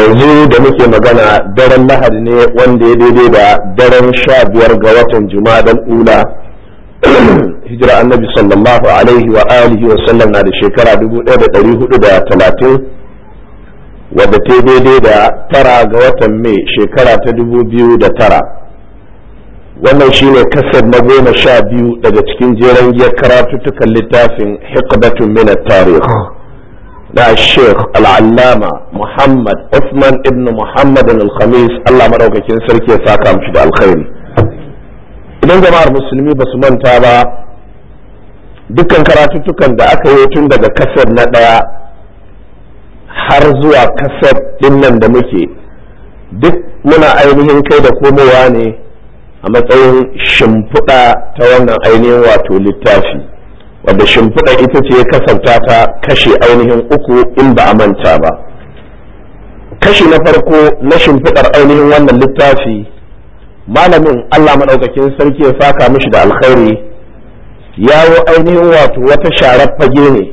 yanzu da muke magana daren lahadi ne wanda ya daidai da daren sha biyar ga watan juma'a ula hijira annabi sallallahu alaihi wa alihi wa sallam na da shekara 1430 wadda ta daidai da tara ga watan mai shekara ta da tara wannan shine kasar na goma sha biyu daga cikin jeren giyar karatuttukan littafin hikmatun minat tarihi. na sheikh al'allama muhammad usman ibnu muhammad al allah maraukakin sarki ya saka mushi da alkhairi idan jama'ar musulmi ba su manta ba dukkan karatuttukan da aka yi tun daga kasar na ɗaya har zuwa kasar dinnan da muke duk muna ainihin kai da komowa ne a matsayin shimfiɗa ta wannan ainihin wato littafi wadda shimfiɗa ita ce ya kasanta ta kashe ainihin uku in ba a manta ba kashi na farko na shimfiɗar ainihin wannan littafi malamin allah maɗaukakin sarki ya saka mishi da alkhairi yawo ainihin wato wata sharar fage ne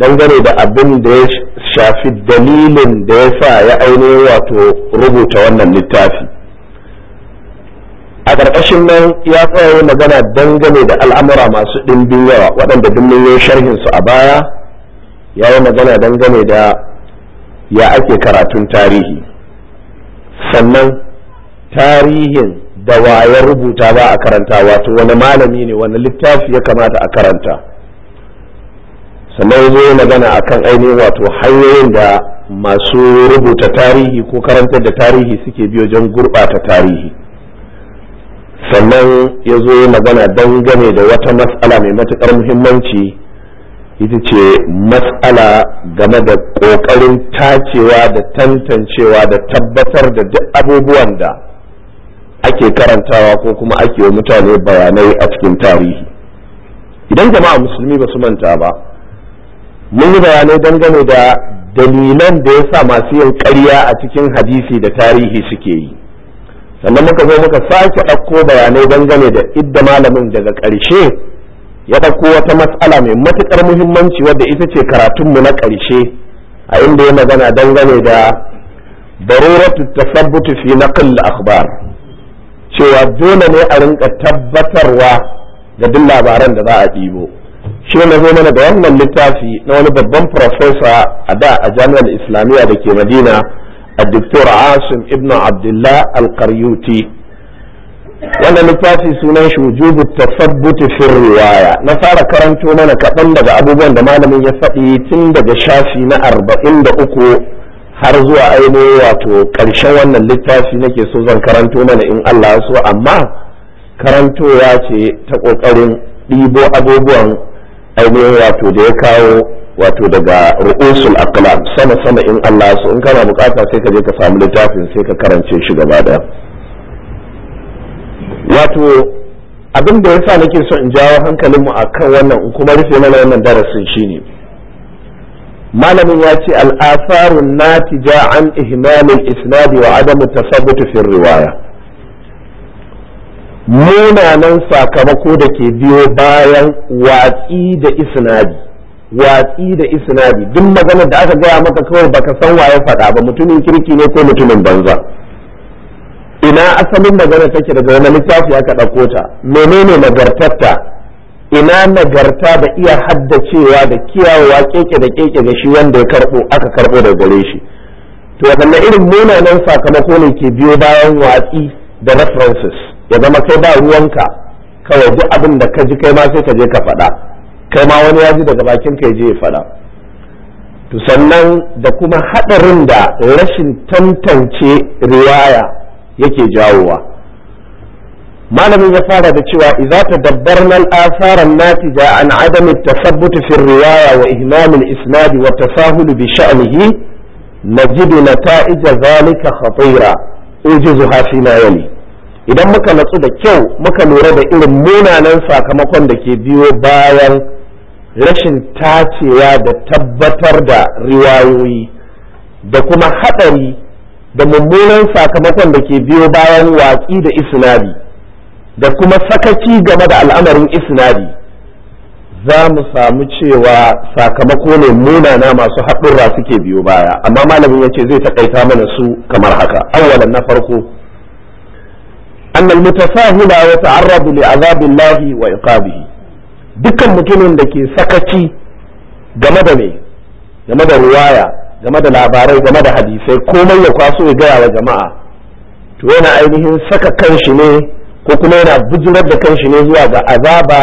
dangane da abin da ya shafi dalilin da ya sa ya ainihin wato rubuta wannan littafi a ƙarƙashin nan ya tsaya magana dangane da al'amura masu ɗimbin yawa waɗanda dimbin ya sharhin su a baya ya yi magana dangane da ya ake karatun tarihi sannan tarihin da wa rubuta ba a karanta wato wani malami ne wani littafi ya kamata a karanta sannan zai magana akan ainihin wato hanyoyin da masu rubuta tarihi ko karantar da tarihi suke biyo wajen gurɓata tarihi sannan ya zo yi magana dangane da wata matsala mai matuƙar muhimmanci ita ce matsala game da ƙoƙarin tacewa da tantancewa da tabbatar da duk abubuwan da ake karantawa ko kuma ake wa mutane bayanai a cikin tarihi idan jama'a musulmi ba su manta ba mun yi bayanai dangane da dalilan da ya sa masu yin ƙarya a cikin hadisi da tarihi suke yi sannan muka zo muka sake ɗauko bayanai dangane da idda malamin daga ƙarshe ya ɗauko wata matsala mai matuƙar muhimmanci wadda ita ce karatunmu na ƙarshe a inda ya magana dangane da daruratu tasabbutu fi naql akhbar cewa dole ne a rinka tabbatarwa da duk labaran da za a ɗibo shi na zo mana da wannan littafi na wani babban farfesa a da a jami'ar islamiyya da ke madina الدكتور Asim ابن عبد الله القريوتي wannan littafi sunan shi wujubu tasabbuti riwaya na fara karanto mana kaɗan daga abubuwan da malamin ya faɗi tun daga shafi na arba'in da uku har zuwa ainihin wato ƙarshen wannan littafi nake so zan karanto mana in Allah so amma karanto ya ce ta ƙoƙarin ɗibo abubuwan ainihin wato da ya kawo wato daga ru'usul aqlam sama sama in Allah so in kana bukata sai ka je ka samu littafin sai ka karance shi gaba daya wato abin da yasa nake so in jawo hankalin mu akan wannan in kuma rufe mana wannan darasin shine malamin ya ce al'asarun natija an ihmalil isnadi wa adamu tasabbut fi riwaya munanan sakamako da ke biyo bayan watsi da isnadi watsi da isnadi duk magana da aka gaya maka kawai baka san wa ya faɗa ba mutumin kirki ne ko mutumin banza ina asalin magana take daga wani littafi aka ɗauko ta menene nagartarta ina nagarta da iya haddacewa da kiyawa keke da keke ga shi wanda ya karɓo aka karɓo da gare shi to wadanne irin munanan sakamako ne ke biyo bayan watsi da references ya zama kai ba ruwanka kawai duk abin da ka ji kai ma sai ka je ka faɗa kai ma wani ya ji daga bakin ka je ya faɗa to sannan da kuma haɗarin da rashin tantance riwaya yake jawowa malamin ya fara da cewa idza tadabbarna al-athara natija an adam at tasabbut fi riwaya wa ihmam al-isnad wa tasahul bi sha'nihi najid nata'ij zalika khatira ujizuha fi yali idan muka natsu da kyau muka lura da irin munanan sakamakon da ke biyo bayan rashin tacewa da tabbatar da riwayoyi da kuma haɗari da mummunan sakamakon da ke biyo bayan watsi da isnadi da kuma sakaci game da al'amarin isnadi za mu samu cewa sakamako ne munana masu haɗurra suke biyo baya amma malamin ya ce zai taƙaita mana su kamar haka awalan na farko annal mutasahila ya ta'arradu li azabillahi wa iqabihi dukkan mutumin da ke sakaci game da me game da ruwaya game da labarai game da hadisai komai ya kwaso ya gaya wa jama'a to yana ainihin saka kanshi ne ko kuma yana bujurar da kanshi ne zuwa ga azaba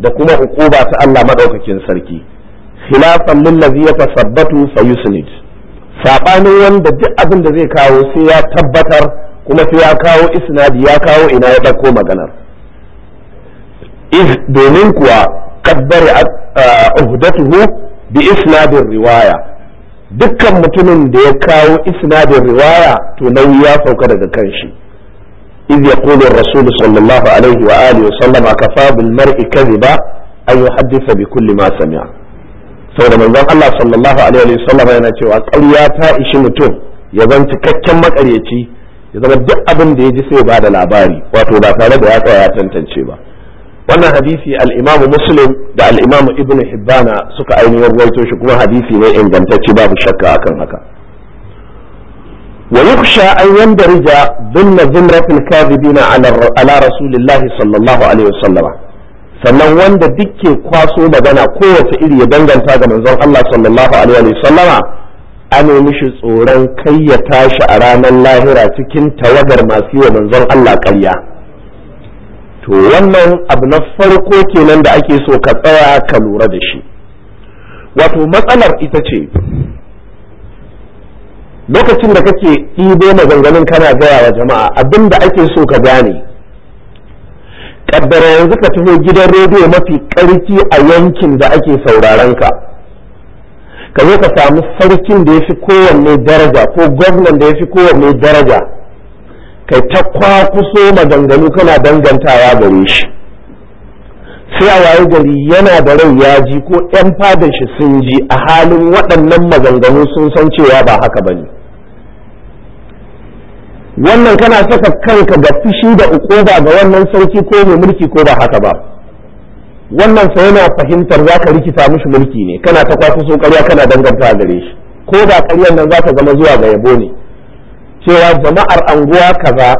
da kuma hukuba ta Allah madaukakin sarki khilafan ladhi yatasabbatu fayusnid sabanin wanda duk abin da zai kawo sai ya tabbatar kuma sai ya kawo isnadi ya kawo ina ya dauko maganar iz domin kuwa kaddar uhdatuhu bi isnadin riwaya dukkan mutumin da ya kawo isnadin riwaya to nauyi ya sauka daga kanshi iz yaqulu ar-rasul sallallahu alaihi wa alihi wa sallama kafa mar'i kadhiba yuhaddisa bi kulli ma sami'a saboda manzon Allah sallallahu alaihi wa sallama yana cewa ƙarya ta ishi mutum ya zan cikakken makaryaci ya zama duk abin da ya ji sai ba da labari wato ba tare da ya tsaya ya tantance ba wannan hadisi al-imam muslim da al-imam ibn hibbana suka ainihin rawaito shi kuma hadisi ne ingantacce babu shakka akan haka ويخشى أن يندرج ضمن ذمرة الكاذبين على على رسول الله صلى الله sannan wanda dukke kwaso magana kowace iri ya danganta ga manzon Allah sallallahu alaihi wa sallama an mishi tsoron kai ya tashi a ranar lahira cikin tawagar masu yi wa manzon Allah ƙarya to wannan abu na farko kenan da ake so ka tsaya ka lura da shi wato matsalar ita ce lokacin da kake ɗibo maganganun kana gaya wa jama'a abin da ake so ka gane kaddara yanzu ka taho gidan rediyo mafi ƙarfi a yankin da ake sauraron ka ka zo ka samu sarkin da ya fi kowanne daraja ko gwamnan da ya fi kowanne daraja kai ta kwakuso maganganu kana dangantawa gare shi sai a waye gari yana da rai ya ji ko 'yan fadar shi sun ji a halin waɗannan maganganu sun san cewa ba haka ba ne wannan kana saka kanka ga fushi da ba ga wannan sarki ko mai mulki ko ba haka ba wannan sa yana fahimtar za ka rikita mushi mulki ne kana ta kwakuso karya kana danganta gare shi ko ba karyar nan za ta zama zuwa ga yabo ne cewa jama'ar anguwa kaza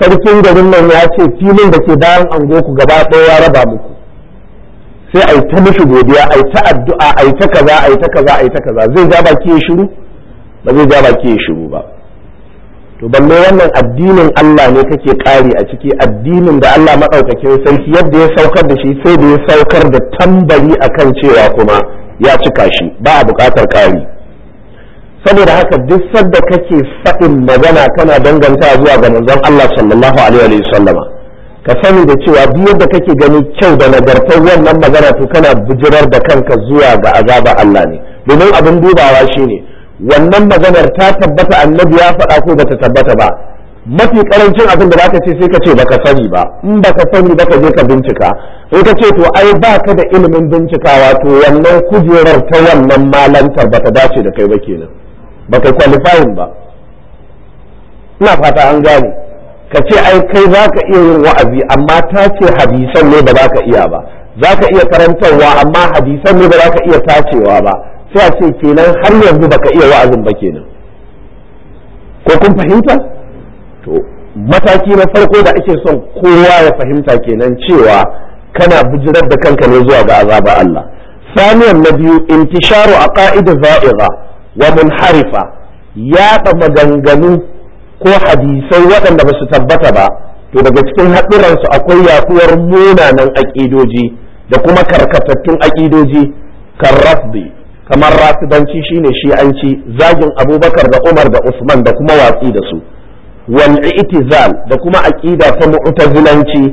sarkin garin nan ya ce filin da ke bayan anguwa ku gaba ɗaya ya raba muku sai a yi ta mishi godiya a yi ta addu'a a yi ta kaza a yi ta kaza a yi ta kaza zai ja baki ya shiru ba zai ja baki ya shiru ba to balle wannan addinin Allah ne kake kare a ciki addinin da Allah maɗaukakin sarki yadda ya saukar da shi sai da ya saukar da tambari akan cewa kuma ya cika shi ba a buƙatar ƙari. saboda haka duk sadda kake faɗin magana kana danganta zuwa ga manzon Allah sallallahu alaihi wa sallama ka sani da cewa duk yadda kake gani kyau da nagartar wannan magana to kana bijirar da kanka zuwa ga azaba Allah ne domin abin dubawa shine wannan maganar ta tabbata annabi ya faɗa ko bata tabbata ba mafi karancin abin da zaka ce sai ka ce baka sani ba in baka sani ba ka je ka bincika in ka ce to ai baka da ilimin bincikawa to wannan kujerar ta wannan malantar bata dace da kai ba kenan ba kai qualifying ba ina fata an gane ka ce ai kai za ka iya yin wa'azi amma ta ce hadisan ne ba za ka iya ba za ka iya karantarwa amma hadisan ne ba za ka iya tacewa ba sai a ce kenan har yanzu ba ka iya wa'azin ba kenan ko kun fahimta to mataki na farko da ake son kowa ya fahimta kenan cewa kana bijirar da kanka ne zuwa ga azaba Allah saniyan na biyu intisharu a ka'ida za'iga wa munharifa yaɗa maganganu ko hadisai waɗanda ba su tabbata ba to daga cikin haɗuransu akwai yaɗuwar munanan aƙidoji da kuma karkatattun aƙidoji kan kamar rafidanci shine shi'anci zagin abubakar da umar da usman da kuma watsi da su wal itizal da kuma aƙida ta mu'tazilanci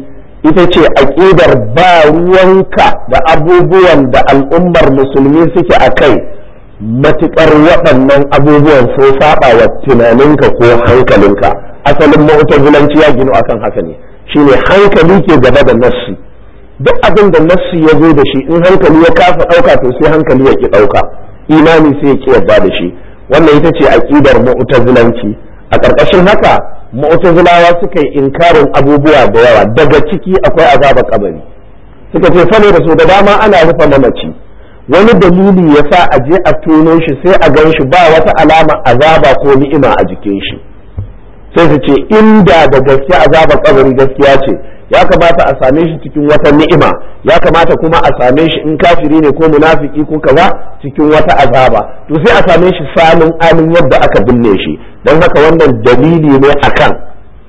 ita ce aƙidar ba ruwanka da abubuwan da al'ummar musulmi suke a kai matuƙar waɗannan abubuwan sun saɓa wa tunaninka ko hankalinka asalin mu'tazilanci ya gino akan haka ne shine hankali ke gaba da nassi duk abin da nassi ya zo da shi in hankali ya kafa ɗauka to sai hankali ya ki ɗauka imani sai ya ki yarda da shi wannan ita ce aƙidar mu'tazilanci a ƙarƙashin haka ma'utazulawa suka yi inkarin abubuwa da yawa daga ciki akwai azabar kabari suka ce sani da su da dama ana rufe mamaci wani dalili ya sa a je a tono shi sai a gan shi ba wata alama azaba ko ni'ima a jikin shi sai su ce inda da gaske azaba kabari gaskiya ce ya kamata a same shi cikin wata ni'ima ya kamata kuma a same shi in kafiri ne ko munafiki ko kaza cikin wata azaba to sai a same shi samun alin yadda aka binne shi don haka wannan dalili ne akan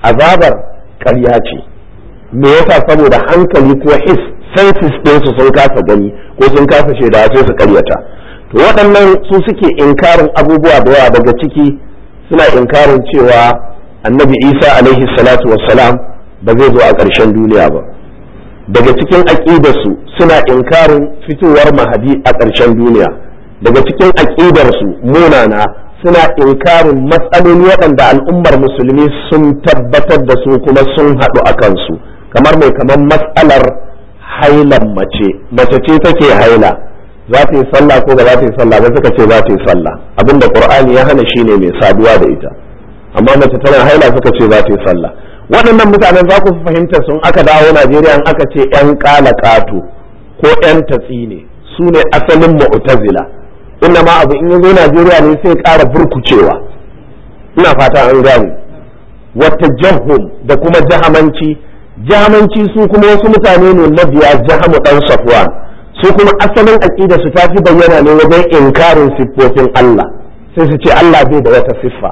azabar karya ce me yasa saboda hankali ko his senses ɗinsu sun kasa gani ko sun kasa shaida sai su karyata to waɗannan su suke inkarin abubuwa da yawa daga ciki suna inkarin cewa annabi isa alaihi salatu wassalam ba zai zo a ƙarshen duniya ba daga cikin aƙidarsu suna inkarin fitowar mahadi a ƙarshen duniya daga cikin aƙidarsu munana suna inkarin matsaloli waɗanda al'ummar musulmi sun tabbatar da su kuma sun haɗu a kansu kamar mai kamar matsalar hailan mace mace ce take haila za ta yi sallah ko ba za ta yi sallah ba suka ce za ta yi sallah abinda qur'ani ya hana shine mai saduwa da ita amma mace tana haila suka ce za ta yi sallah waɗannan mutanen za ku fahimta sun aka dawo Najeriya aka ce yan kala ƙato ko yan tatsi ne su ne asalin mu'tazila inna ma abu in yazo Najeriya ne sai ƙara burkucewa ina fata an gane wata jahum da kuma jahamanci jamanci su kuma wasu mutane ne na mabiya jahamu dan safuwa su kuma asalin aqida su tafi bayyana ne wajen inkarin siffofin Allah sai su ce Allah bai da wata siffa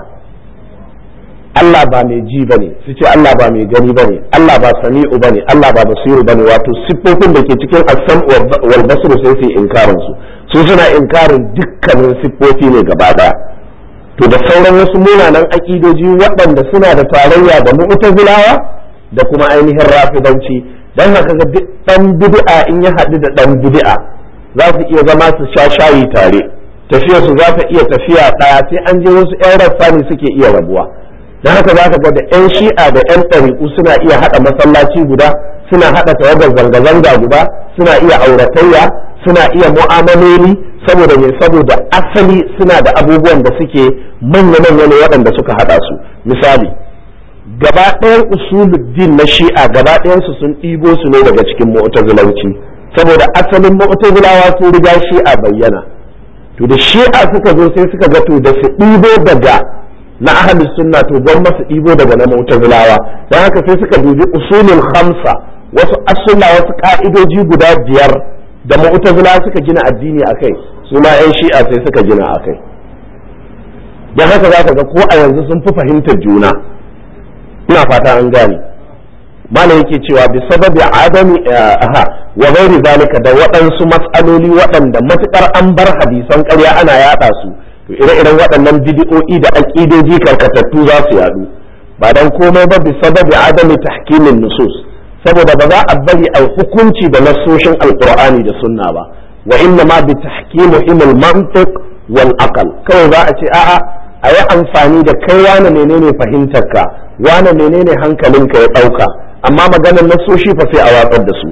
Allah ba mai ji bane su ce Allah ba mai gani bane Allah ba sami'u bane Allah ba basiru bane wato siffofin da ke cikin asam wal basru sai su inkarin su su suna inkarin dukkanin siffofi ne gaba daya to da sauran wasu munanan aƙidoji waɗanda suna da tarayya da mu'tazilawa da kuma ainihin rafidanci don haka ga duk dan bid'a in ya haɗu da ɗan bid'a za su iya zama su sha shayi tare tafiya su za ta iya tafiya ɗaya sai an je wasu yan ni suke iya rabuwa don haka za ka ga da yan shi'a da yan ɗariƙu suna iya haɗa masallaci guda suna haɗa tawagar zanga-zanga guda suna iya auratayya suna iya mu'amaloli saboda me saboda asali suna da abubuwan da suke manya-manya ne waɗanda suka haɗa su misali gaba ɗayan din na shi'a gaba ɗayansu sun ɗibo su ne daga cikin mu'tazilanci saboda asalin mu'tazilawa sun riga shi'a bayyana to da shi'a suka zo sai suka ga to da su ɗibo daga na ahlus sunna to gwamma su ɗibo daga na mu'tazilawa Dan haka sai suka dubi usulul hamsa wasu asula wasu ka'idoji guda biyar da mu'tazilawa suka gina addini akai su ma 'yan shi'a sai suka gina akai Dan haka za ga ko a yanzu sun fi fahimtar juna ina fata an gane malam yake cewa bi sababi adami eh, aha wa ghairi zalika da waɗansu matsaloli waɗanda matukar an bar hadisan ƙarya ana yaɗa su to ire-iren waɗannan bidi'o'i da aƙidoji karkatattu za su yaɗu ba dan komai ba bi sababi adami tahkimin nusus saboda ba za a bari a hukunci da nasoshin alqur'ani da sunna ba wa inna ma bi tahkimu ilmul mantiq wal aqal kawai za a ce a'a a yi amfani da kai na menene fahimtarka wane menene hankalin hankalinka ya ɗauka amma maganar nasoshi fa sai a watsar da su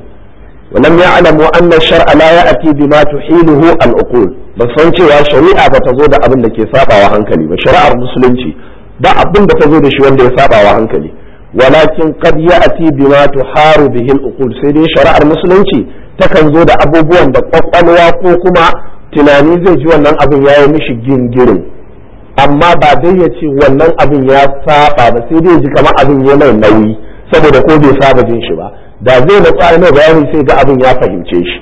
walam ya'lamu anna shar'a la ya'ti bima tuhiluhu al-uqul ba san cewa shari'a ba ta zo da abin da ke sabawa hankali ba shari'ar musulunci ba abinda da ta zo da shi wanda ya sabawa hankali walakin qad ya'ti bima tuharu bihi al-uqul sai dai shari'ar musulunci takan zo da abubuwan da kwakwalwa ko kuma tunani zai ji wannan abin ya yi mishi gingirin amma ba dai ya ce wannan abin ya saba ba sai dai ji kamar abin ya nauyi saboda ko bai saba jin shi ba da zai da tsari mai bayani sai ga abin ya fahimce shi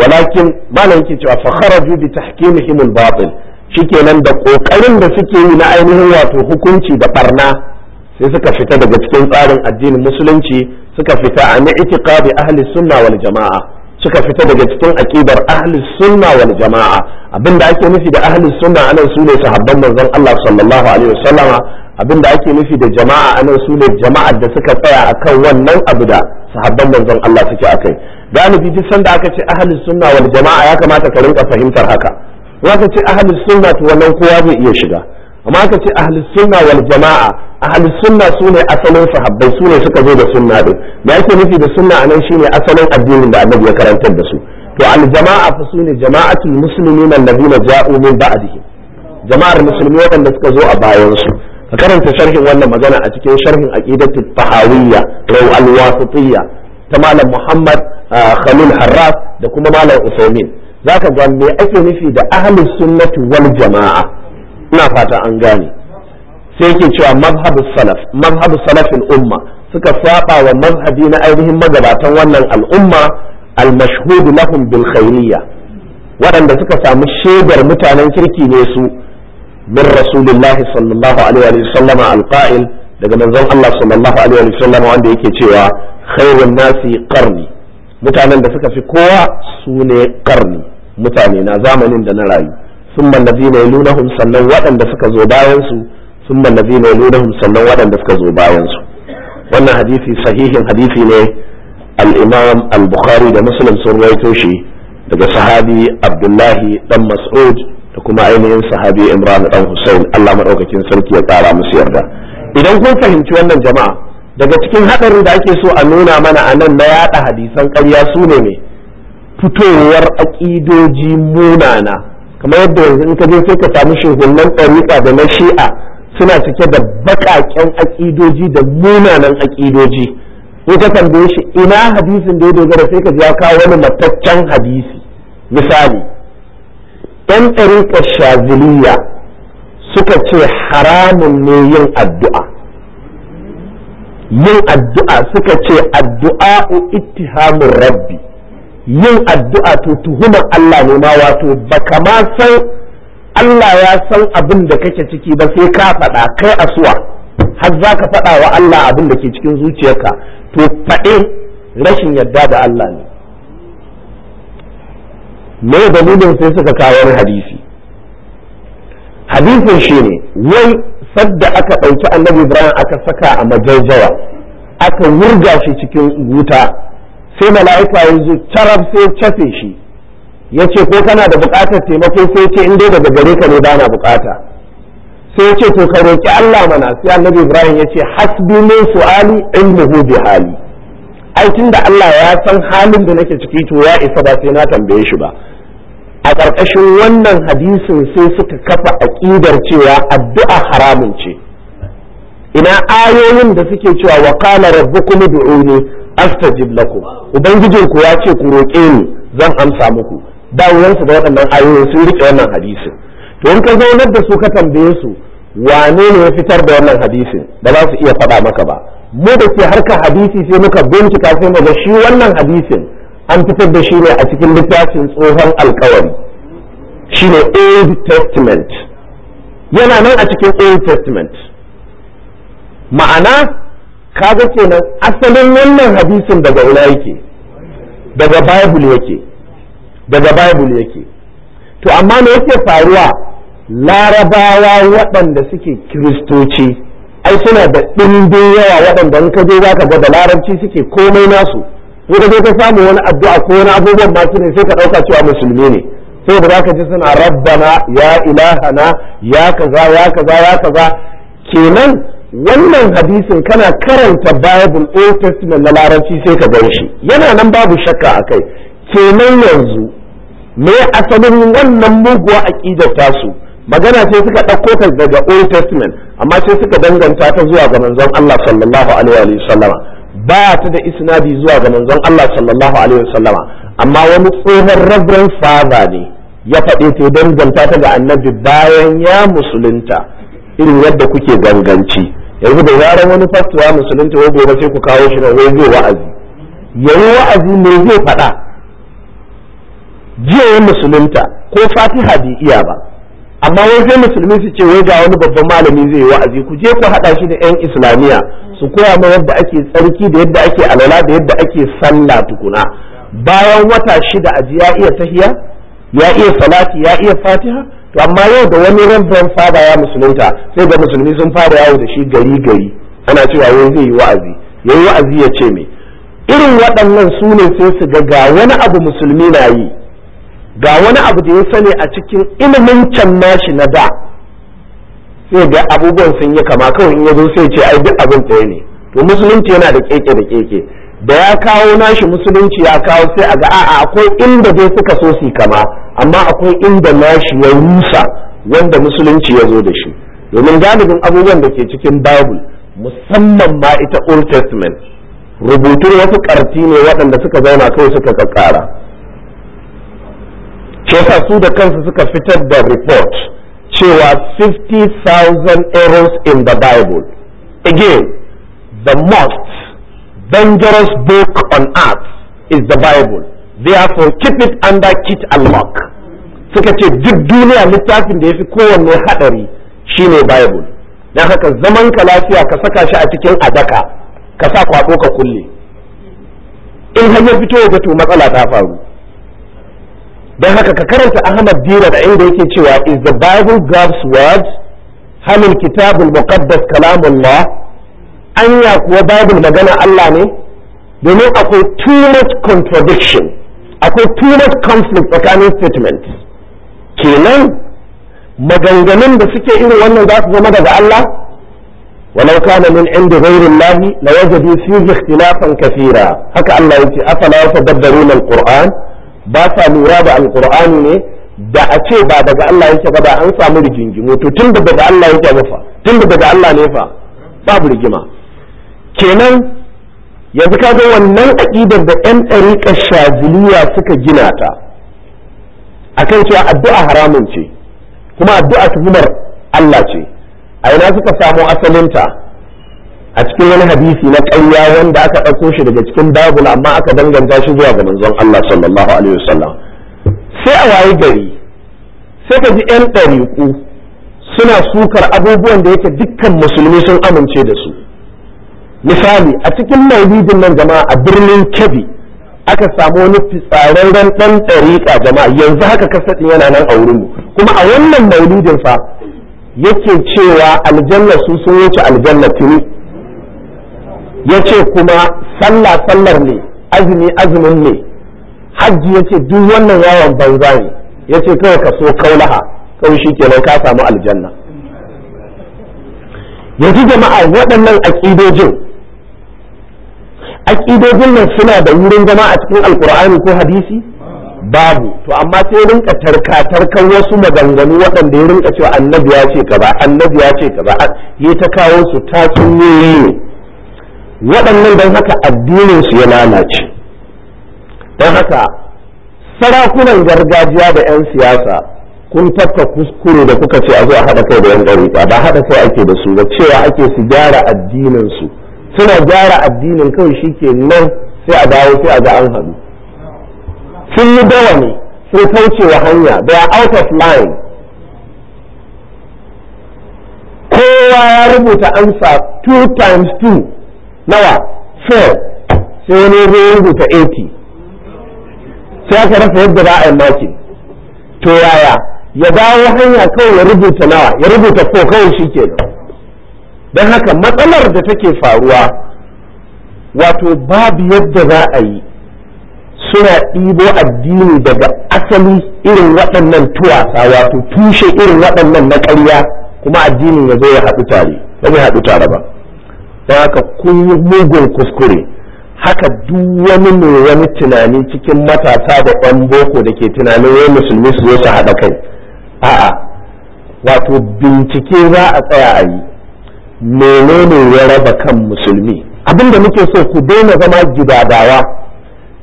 walakin malam yake cewa fa kharaju bi tahkimihim al-batil shikenan da kokarin da suke yi na ainihin wato hukunci da barna sai suka fita daga cikin tsarin addinin musulunci suka fita a i'tiqadi ahli sunna wal jama'a suka fita daga cikin aqidar ahli sunna wal jama'a abin da ake nufi da ahli sunna anan su ne sahabban manzon Allah sallallahu alaihi wasallama abin da ake nufi da jama'a anan su ne jama'ar da suka tsaya akan wannan abu da sahabban manzon Allah suke akai galibi duk sanda aka ce ahli sunna wal jama'a ya kamata ka rinka fahimtar haka ka ce ahli sunna to wannan kowa zai iya shiga amma aka ce ahli sunna wal jama'a ahli sunna sune asalin sahabbai ne suka zo da sunna din da ake nufi da sunna anan shine asalin addinin da annabi ya karantar da su to aljama'a fa sune jama'atul muslimina allazina ja'u min ba'dihim jama'ar musulmi waɗanda suka zo a bayan su ka karanta sharhin wannan magana a cikin sharhin aqidatul tahawiyya raw alwasitiyya ta malam muhammad ah, khalil harraf da kuma malam usaimin zaka ga me ake nufi da ahlus sunnati wal jama'a ina fata an gane sai yake cewa mazhabus salaf mazhabus umma suka saba wa mazhabi na ainihin magabatan wannan al'umma Almashudu mashhud lahum bil khairiyya waɗanda suka samu shaidar mutanen kirki ne su min rasulillahi sallallahu alaihi wa sallam al-qa'il daga manzon Allah sallallahu alaihi wa sallam wanda yake cewa khairun nasi karni mutanen da suka fi kowa su ne qarni mutane na zamanin da na rayu summa allazina yalunahum sannan waɗanda suka zo bayan su summa allazina sannan waɗanda suka zo wannan hadisi sahihin hadisi ne al-imam al-bukhari da muslim sun rawaito shi daga sahabi abdullahi dan mas'ud da kuma ainihin sahabi imran dan husain allah maɗaukakin sarki ya ƙara musu yarda idan kun fahimci wannan jama'a daga cikin haɗarin da ake so a nuna mana a nan na yaɗa hadisan karya su ne ne fitowar aƙidoji munana kamar yadda yanzu in ka je sai ka samu shugaban ɗariƙa da na shi'a suna cike da baƙaƙen aƙidoji da munanan aƙidoji sai ta tambaye shi ina hadisin da ya dogara sai ka ji ya kawo wani mataccen hadisi misali ɗan ɗariƙar shaziliya suka ce haramun ne yin addu'a yin addu'a suka ce addu'a ittihamun rabbi yin addu'a to tuhumar Allah ne ma wato ba ma san Allah ya san abin da kake ciki ba sai ka faɗa kai asuwa har za ka faɗa wa Allah abin da ke cikin zuciyarka to faɗe rashin yarda da Allah ne me dalilin sai suka kawo hadisi hadisin shi ne wai sadda aka ɗauki annabi ibrahim aka saka a majaljawa aka wurga shi cikin wuta sai mala'ika ya zo carab sai cafe shi ya ko kana da buƙatar taimako sai ce in dai daga gare ka ne ba na buƙata sai ya ce to ka roki Allah mana sai annabi Ibrahim ya ce hasbi min su'ali ilmuhu bi hali ai tunda Allah ya san halin da nake ciki to ya isa ba sai na tambaye shi ba a ƙarƙashin wannan hadisin sai suka kafa aƙidar cewa addu'a haramun ce ina ayoyin da suke cewa wa qala rabbukum ud'uni astajib lakum ubangijinku ya ce ku roƙe ni zan amsa muku dawowansu da waɗannan ayoyin sun rike wannan hadisin to in ka zaunar da su ka tambaye su wane ne ya fitar da wannan hadisin da za su iya faɗa maka ba mu da ke harka hadisi sai muka bincika sai mu ga shi wannan hadisin an fitar da shi ne a cikin littafin tsohon alkawari shi ne old testament yana nan a cikin old testament ma'ana kaga kenan asalin wannan hadisin daga wula yake daga bible yake daga bible yake to amma me yake faruwa larabawa waɗanda suke kiristoci ai suna da ɗimbin yawa waɗanda in ka je za ka ga da larabci suke komai nasu in ka je ka samu wani addu'a ko wani abubuwan masu ne sai ka ɗauka cewa musulmi ne sai ba za ka ji suna rabbana ya ilahana ya kaza ya kaza ya kaza kenan wannan hadisin kana karanta bible old testament na larabci sai ka gan shi yana nan babu shakka a kai kenan yanzu me asalin wannan muguwa aƙidar tasu magana ce suka ɗauko ta daga old testament amma ce suka danganta ta zuwa ga manzon Allah sallallahu alaihi wa sallama ba ta da isnadi zuwa ga manzon Allah sallallahu alaihi wa amma wani tsohon reverend father ne ya faɗe ta danganta ta ga annabi bayan ya musulunta irin yadda kuke ganganci yanzu da yaran wani fastuwa musulunta ko gobe sai ku kawo shi na wai zai wa'azi yayi wa'azi ne zai faɗa jiya musulunta ko fatiha bai iya ba amma wai sai musulmi su ce wai ga wani babban malami zai yi wa'azi ku je ku haɗa shi da yan islamiyya su koya ma yadda ake tsarki da yadda ake alala da yadda ake sallah tukuna bayan wata shida ji ya iya tahiya ya iya salati ya iya fatiha to amma yau da wani rabban fada ya musulunta sai ga musulmi sun fara yawo da shi gari gari ana cewa wai zai yi wa'azi yayi wa'azi ya ce me irin waɗannan su ne sai su ga ga wani abu musulmi na yi ga wani abu da ya sani a cikin ilimin can nashi na da sai ga abubuwan sun yi kama kawai in yazo zo sai ce ai duk abin ɗaya ne to musulunci yana da keke da keke da ya kawo nashi musulunci ya kawo sai a ga a'a akwai inda dai suka so su kama amma akwai inda nashi ya rusa wanda musulunci ya zo da shi domin galibin abubuwan da ke cikin babu musamman ma ita old testament rubutun wasu karti ne waɗanda suka zauna kawai suka kakkara shi yasa su da kansu suka fitar da report cewa 50,000 errors in the bible again the most dangerous book on earth is the bible therefore keep it under kit and lock suka ce duk duniya littafin da ya fi kowanne hadari ne bible don haka zaman ka lafiya ka saka shi a cikin adaka ka sa kwaɗo ka kulle in hanyar ya fito ya to matsala ta faru don haka ka karanta ahmad dirar inda yake cewa is the bible god's word halin kitabul muqaddas kalamullah anya kuwa bible magana Allah ne domin akwai too much contradiction akwai too much conflict tsakanin statements kenan maganganun da suke irin wannan za su zama daga Allah walau kana min inda ghairin lahi la wajadu fihi ikhtilafan kathira haka Allah yace afala yatadabbaruna quran ba sa lura da Alkur'ani ne da a ce ba daga Allah yake ba da an samu rigingimu to tun daga Allah yake ba fa tun daga Allah ne fa babu rigima kenan yanzu ka ga wannan aƙidar da ɗan ɗariƙar shaziliya suka gina ta akan cewa addu'a haramun ce kuma addu'a tuhumar Allah ce a ina suka samo ta? a cikin wani hadisi na ƙarya wanda aka ɗauko shi daga cikin dagula amma aka danganta shi zuwa ga manzon Allah sallallahu alaihi wasallam sai a waye gari sai ka ji ƴan ɗariƙu suna sukar abubuwan da yake dukkan musulmi sun amince da su misali a cikin maulidin nan jama'a a birnin Kebbi aka samu wani fitsararren ɗan ɗariƙa jama'a yanzu haka kasadin yana nan a mu. kuma a wannan maulidin fa yake cewa aljanna su sun wuce aljanna tuni ya ce kuma sallah sallar ne azumi azumin ne hajji ya ce duk wannan yawon banza ne ya ce kawai ka so kaulaha kawai shi kenan ka samu aljanna yanzu jama'a waɗannan aƙidojin aƙidojin nan suna da wurin zama a cikin alkur'ani ko hadisi babu to amma sai rinka tarka tarkan wasu maganganu waɗanda ya rinka cewa annabi ya ce kaza annabi ya ce kaza ya ta kawo su tatsuniyoyi ne waɗannan don haka addininsu ya lalace don haka sarakunan gargajiya da 'yan siyasa kun tafka kuskure da kuka ce a zo a haɗa kai da 'yan ɗariƙa ba haɗa kai ake da su ba cewa ake su gyara addininsu suna gyara addinin kawai shi ke nan sai a dawo sai a ga an hannu sun yi dawa ne sun kauce wa hanya da ya out of line kowa ya rubuta amsa 2 times two nawa 4 sai wani ya rubuta 80 sai aka rasa yadda za a yi maki to yaya ya dawo hanya kawai ya rubuta nawa ya rubuta ko kawai shi ke. don haka matsalar da take faruwa wato babu yadda za a yi suna ɗibo addini daga asali irin waɗannan tuwasa wato tushe irin waɗannan na ƙarya kuma addinin ya zo ya haɗu tare ba ya haɗu tare ba don haka kun yi mugun kuskure haka duk wani mai wani tunani cikin matasa da ɗan boko da ke tunanin wani musulmi su zo su haɗa kai a'a wato bincike za a tsaya a yi menene ya raba kan musulmi abinda muke so ku daina zama gidadawa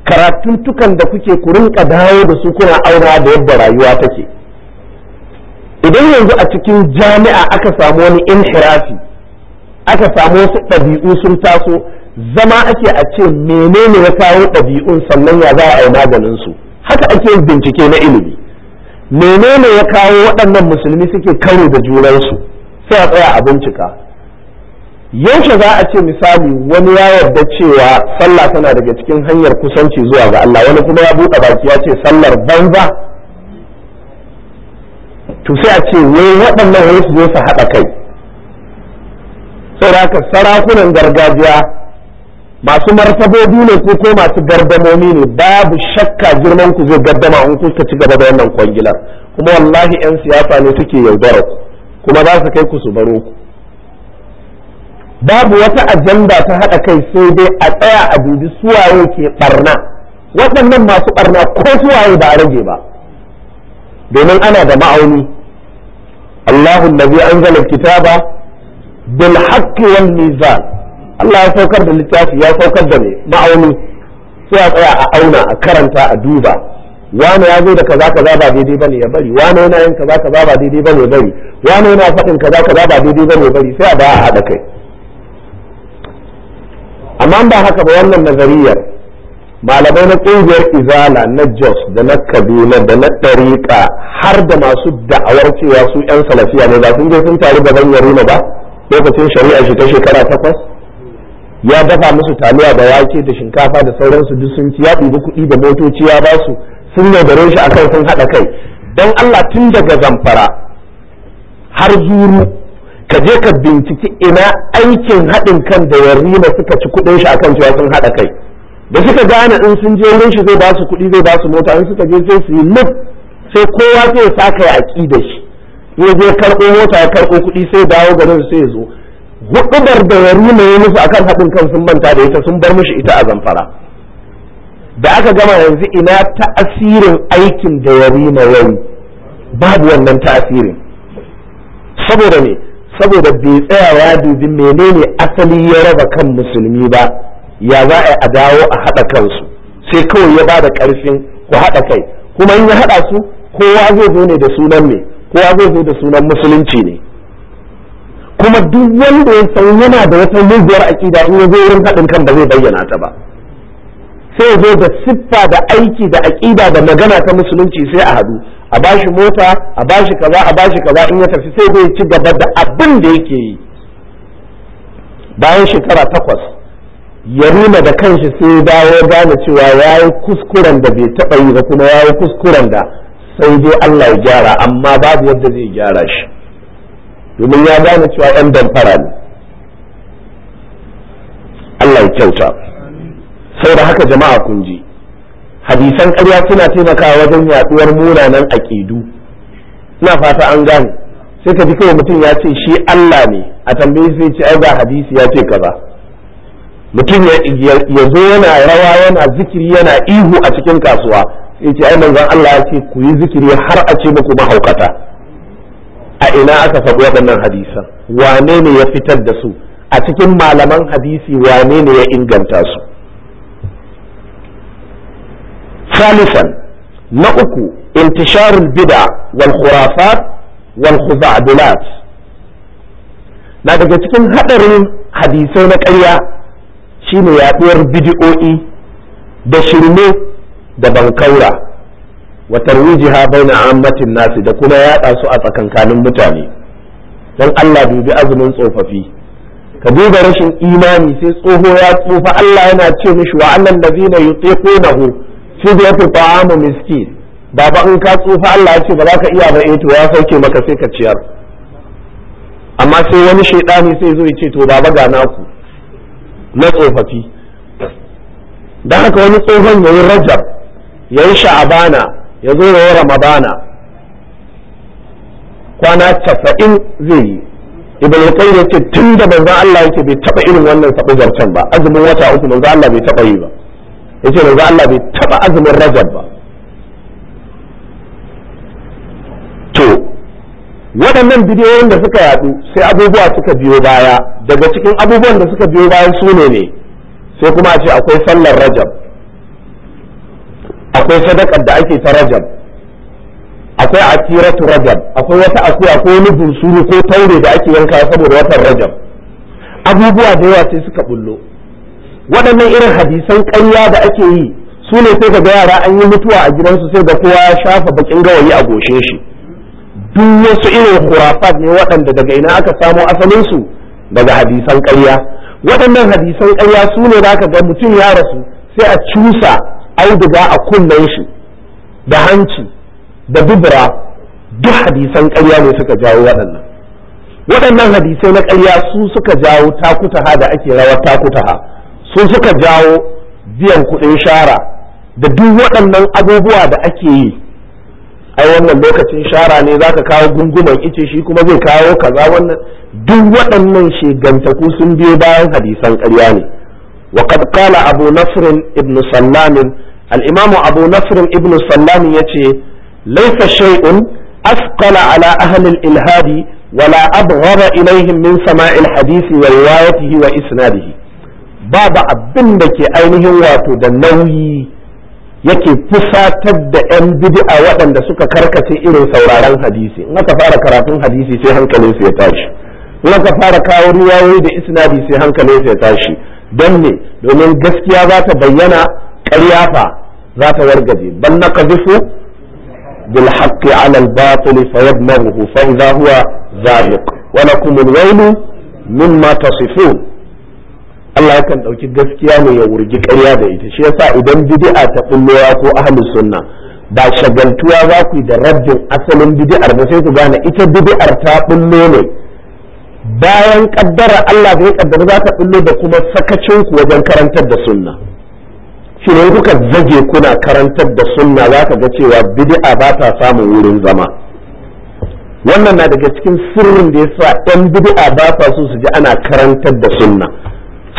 karatun tukan da kuke ku rinka dawo da su kuna aura da yadda rayuwa take idan yanzu a cikin jami'a aka samu wani inhirafi aka samu wasu ɗabi'u sun taso zama ake a ce menene ya kawo ɗabi'un sannan ya za a yi maganin su haka ake yin bincike na ilimi menene ya kawo waɗannan musulmi suke karo da junansu sai a tsaya a bincika yaushe za a ce misali wani ya yarda cewa sallah tana daga cikin hanyar kusanci zuwa ga Allah wani kuma ya buɗe baki ya ce sallar banza to sai a ce wai waɗannan wani su zo su haɗa kai sauraka sarakunan gargajiya masu martabobi ne ko ko masu gardamomi ne babu shakka girman ku zai gardama in kuka ci gaba da wannan kwangilar kuma wallahi 'yan siyasa ne suke yaudara ku kuma za su kai ku su baro ku babu wata ajanda ta haɗa kai sai dai a tsaya a dubi suwaye ke barna waɗannan masu barna ko suwaye ba a rage ba domin ana da ma'auni Allahun nabi an kitaba bil haqqi wal mizan Allah ya saukar da littafi ya saukar da mai ma'auni sai a tsaya a auna a karanta a duba wani ya zo da kaza kaza ba daidai bane ya bari wani yana yin kaza kaza ba daidai bane ya bari wani yana faɗin kaza kaza ba daidai bane ya bari sai a baya a kai amma ba haka ba wannan nazariyar malamai na ƙungiyar izala na jos da na kabila da na dariƙa har da masu da'awar cewa su 'yan salafiya ne ba sun je sun taru ban yarima ba lokacin shari'a shi ta shekara takwas ya dafa musu taliya da wake da shinkafa da sauransu duk sun ci ya ɗibi kuɗi da motoci ya ba su sun yaudare shi akan sun haɗa kai don Allah tun daga zamfara har zuru ka je ka binciki ina aikin haɗin kan da yarima suka ci kuɗin shi akan cewa sun haɗa kai da suka gane in sun je wurin shi zai ba su kuɗi zai ba su mota in suka je sai su yi lif sai kowa zai sa kai a ƙi da shi ya je karɓo mota ya karɓo kuɗi sai dawo garin sai ya zo hudubar da ya runa ya musu akan haɗin kan sun manta da ita sun bar mishi ita a zamfara da aka gama yanzu ina ta'asirin aikin da ya runa yau babu wannan ta'asirin saboda me saboda bai tsaya ya dubi menene asali ya raba kan musulmi ba ya za a dawo a haɗa kansu sai kawai ya ba da ƙarfin ku haɗa kai kuma in ya haɗa su kowa zai zo ne da sunan me kowa zai zo da sunan musulunci ne kuma duk wanda ya san yana da wata muguwar aƙida in ya zo wurin haɗin kan ba zai bayyana ta ba sai zo da siffa da aiki da aƙida da magana ta musulunci sai a hadu a bashi mota a bashi kaza a bashi kaza in ya tafi sai zai ci gaba da abin da yake yi bayan shekara takwas ya nuna da kanshi sai dawo gane cewa ya yi kuskuren da bai taɓa yi ba kuma ya yi kuskuren da sai dai Allah ya gyara amma babu yadda zai gyara shi domin ya gane cewa ɗan damfara ne Allah ya kyauta sai da haka jama'a kun ji hadisan ƙarya suna taimakawa wajen yaɗuwar munanan aƙidu ina fata an gane sai ka ji kawai mutum ya ce shi Allah ne a tambayi sai ce ai ga hadisi ya ce kaza mutum ya zo yana rawa yana zikiri yana ihu a cikin kasuwa sai ce ai manzon Allah ya ce ku yi zikiri har a ce muku mahaukata a ina aka faɗi waɗannan hadisan wane ne ya fitar da su a cikin malaman hadisi wane ne ya inganta su salisan na uku intisharul bid'a wal khurafat wal khuza'dulat na daga cikin hadarin hadisai na ƙarya shine yaduwar bid'o'i da shirme da ban kaura wa tarwijiha baina ammatin nasi da kuma yaɗa su a tsakankanin mutane don Allah dubi azumin tsofaffi ka duba rashin imani sai tsoho ya tsufa Allah yana ce mishi wa annan lazina yutiqunahu fidyatu ta'amu miskin baba in ka tsufa Allah ya ce ba za ka iya ba eh ya sauke maka sai ka ciyar amma sai wani shaidani sai zo ya ce to baba ga naku na tsofaffi dan haka wani tsohon yayin rajab ya yi sha'abana ya zo da yi ramadana kwana tafa'in zai yi ibn al ya ce tun da Allah yake bai taba irin wannan taɓa zarcen ba azumin wata uku manzon Allah bai taba yi ba yace manzon Allah bai taba azumin Rajab ba to waɗannan bidiyoyin da suka yadu sai abubuwa suka biyo baya daga cikin abubuwan da suka biyo baya su ne ne sai kuma a ce akwai sallar Rajab akwai sadakar da ake ta rajab akwai akiratu rajab akwai wata akuya ko wani bunsuru ko taure da ake yanka saboda watan rajab abubuwa da yawa sai suka bullo waɗannan irin hadisan ƙarya da ake yi su ne sai ga yara an yi mutuwa a gidansu sai da kowa ya shafa bakin gawayi a goshe shi duk wasu irin hurafat ne waɗanda daga ina aka samo asalin su daga hadisan ƙarya waɗannan hadisan ƙarya su ne za ka ga mutum ya rasu sai a cusa auduga a kunnen shi da hanci da dubura duk hadisan ƙarya ne suka jawo waɗannan waɗannan hadisai na ƙarya su suka jawo takutaha da ake rawar takutaha su suka jawo biyan kuɗin shara da duk waɗannan abubuwa da ake yi a wannan lokacin shara ne za ka kawo gunguman ice shi kuma zai kawo kaza wannan duk waɗannan shegantaku sun biyo bayan hadisan ƙarya ne وقد قال أبو نصر ابن سلام al-imamu abu nasr ibn ya ce laysa shay'un asqala ala ahli ilhadi wala abghara ilaihim min sama'il hadisi wa riwayatihi wa isnadihi babu abin da ke ainihin wato da nauyi yake fusatar da 'yan bid'a waɗanda suka karkace irin sauraron hadisi in aka fara karatun hadisi sai hankalin su ya tashi in aka fara kawo ruwayoyi da isnadi sai hankalin su ya tashi don ne domin gaskiya za ta bayyana ƙarya fa za ta wargaje ban na kazifu bil haqqi ala al batil fa yadmaruhu fa huwa zahiq wani lakum al waylu Allah yakan ɗauki gaskiya ne ya wurgi ƙarya da ita shi yasa idan bidi'a ta kullowa ko ahlus sunna ba shagaltuwa za ku yi da raddin asalin bidi'ar ba sai ku gane ita bidi'ar ta bullo ne bayan kaddara Allah zai ƙaddara za ta bullo da kuma sakacinku wajen karantar da sunna shi ne kuka zage kuna karantar da sunna za ka ga cewa bid'a ba ta samun wurin zama wannan na daga cikin sirrin da yasa ɗan bid'a ba sa so su ji ana karantar da sunna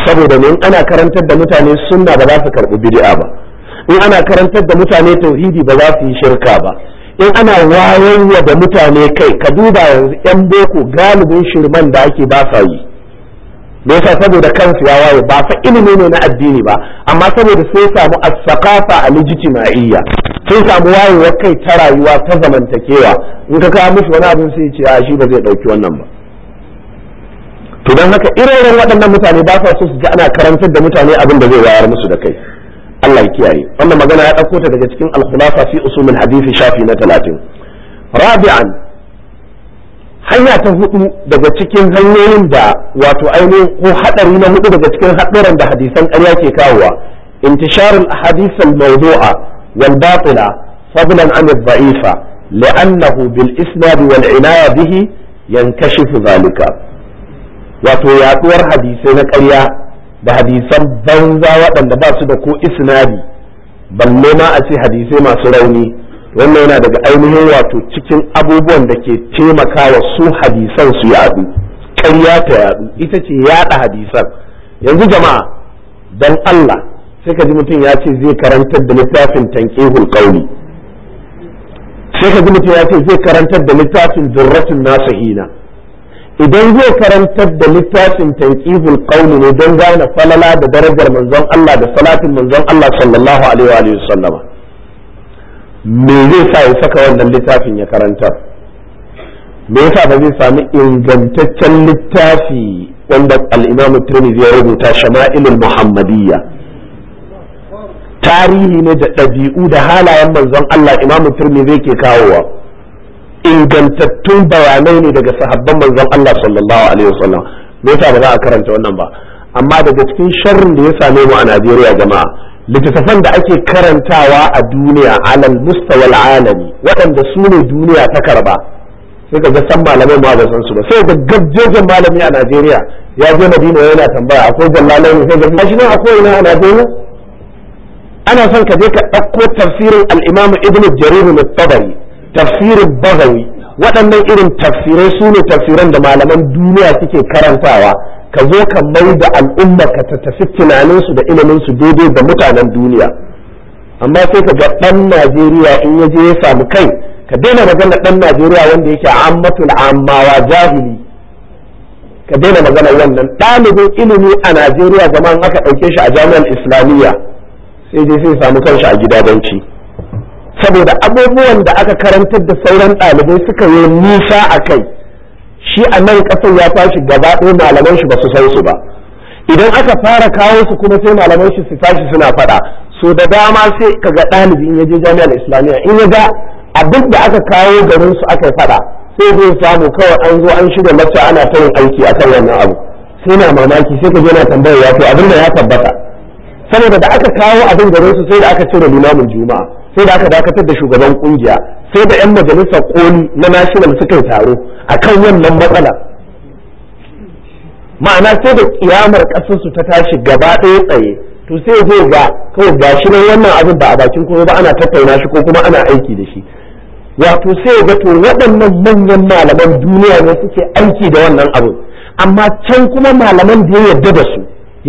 saboda ne ana karantar da mutane sunna ba za su karɓi bid'a ba in ana karantar da mutane tauhidi ba za su yi shirka ba in ana wayarwa da mutane kai ka duba yanzu yan boko galibin shirman da ake ba sa yi me yasa saboda kansu ya waye ba fa ilimi ne na addini ba amma saboda sai samu as-saqafa al-ijtima'iyya sun samu wayewar kai ta rayuwa ta zamantakewa in ka kawo musu wani abin sai ce a shi ba zai dauki wannan ba to don haka irin waɗannan mutane ba sa so su ji ana karantar da mutane abin da zai wayar musu da kai Allah ya kiyaye wannan magana ya dauko ta daga cikin al-khulafa fi usulul hadisi shafi na 30 rabi'an hanya ta hudu daga cikin hanyoyin da wato ainihin ko hadari na hudu daga cikin hadarin da hadisan ƙarya ke kawowa intisharul ahadith al-mawdu'a wal batila fadlan an ad-da'ifa bil isnad wal inaya bihi yankashifu zalika wato yaduwar hadisai na ƙarya da hadisan banza waɗanda ba su da ko isnadi balle ma a ce hadisai masu rauni wannan yana daga ainihin wato cikin abubuwan da ke taimakawa su hadisan su yadu ƙarya ta yadu ita ce yada hadisan yanzu jama'a dan Allah sai ka ji mutum ya ce zai karantar da littafin tanqihul qawli sai ka ji mutum ya ce zai karantar da littafin durratun nasihina idan zai karantar da littafin tanqihul qawli ne don gane falala da darajar manzon Allah da salatin manzon Allah sallallahu alaihi wa sallama me zai sa ya saka wannan littafin ya karanta, me yasa ba zai sami ingantaccen littafi wanda al-Imam Tirmidhi ya rubuta Shama'ilul Muhammadiyya tarihi ne da ɗabi'u da halayen manzon Allah Imam Tirmidhi ke kawowa ingantattun bayanai ne daga sahabban manzon Allah sallallahu alaihi wasallam me yasa ba za a karanta wannan ba amma daga cikin sharrin da ya same mu a Najeriya jama'a littattafan da ake karantawa a duniya alal mustawal alami waɗanda su ne duniya ta karba sai ka ga san malamai ma ba san su ba sai ga gajjejin malami a Najeriya ya je Madina yana tambaya akwai jallalai ne sai ga shi ne akwai ina a Najeriya ana son ka je ka ɗauko tafsirin al-Imam Ibn Jarir al-Tabari tafsirin Baghawi waɗannan irin tafsirai su ne tafsiran da malaman duniya suke karantawa ka zo ka mai da al'umma ka ta tafi tunaninsu da iliminsu daidai da mutanen duniya amma sai ka ga ɗan najeriya in ya je ya samu kai ka daina magana dan najeriya wanda yake ammatul ammawa jahili ka daina magana wannan ɗalibin ilimi a najeriya zama in aka ɗauke shi a jami'an islamiyya sai je sai samu kanshi a gida banci saboda abubuwan da aka karantar da sauran ɗalibai suka yi nisa a kai shi a nan ƙasar ya tashi gaba ɗaya malaman shi ba su san su ba idan aka fara kawo su kuma sai malaman shi su tashi suna faɗa so da dama sai ga ɗalibi in ya je jami'ar islamiyya in ya ga abin da aka kawo garin su aka faɗa sai zai samu kawai an zo an shirya mace ana ta yin aiki akan wannan abu sai na mamaki sai ka je na tambayar ya abin da ya tabbata saboda da aka kawo abin garin su sai da aka cire limamin juma'a sai da aka dakatar da shugaban kungiya sai da 'yan majalisar koli na national suka yi taro a kan wannan matsala ma'ana sai da kiyamar ƙasarsu ta tashi gaba ɗaya tsaye to sai zai ga kawai ga shi nan wannan abin ba a bakin kuma ba ana tattauna shi ko kuma ana aiki da shi wato sai ga to waɗannan manyan malaman duniya ne suke aiki da wannan abin amma can kuma malaman da ya yarda da su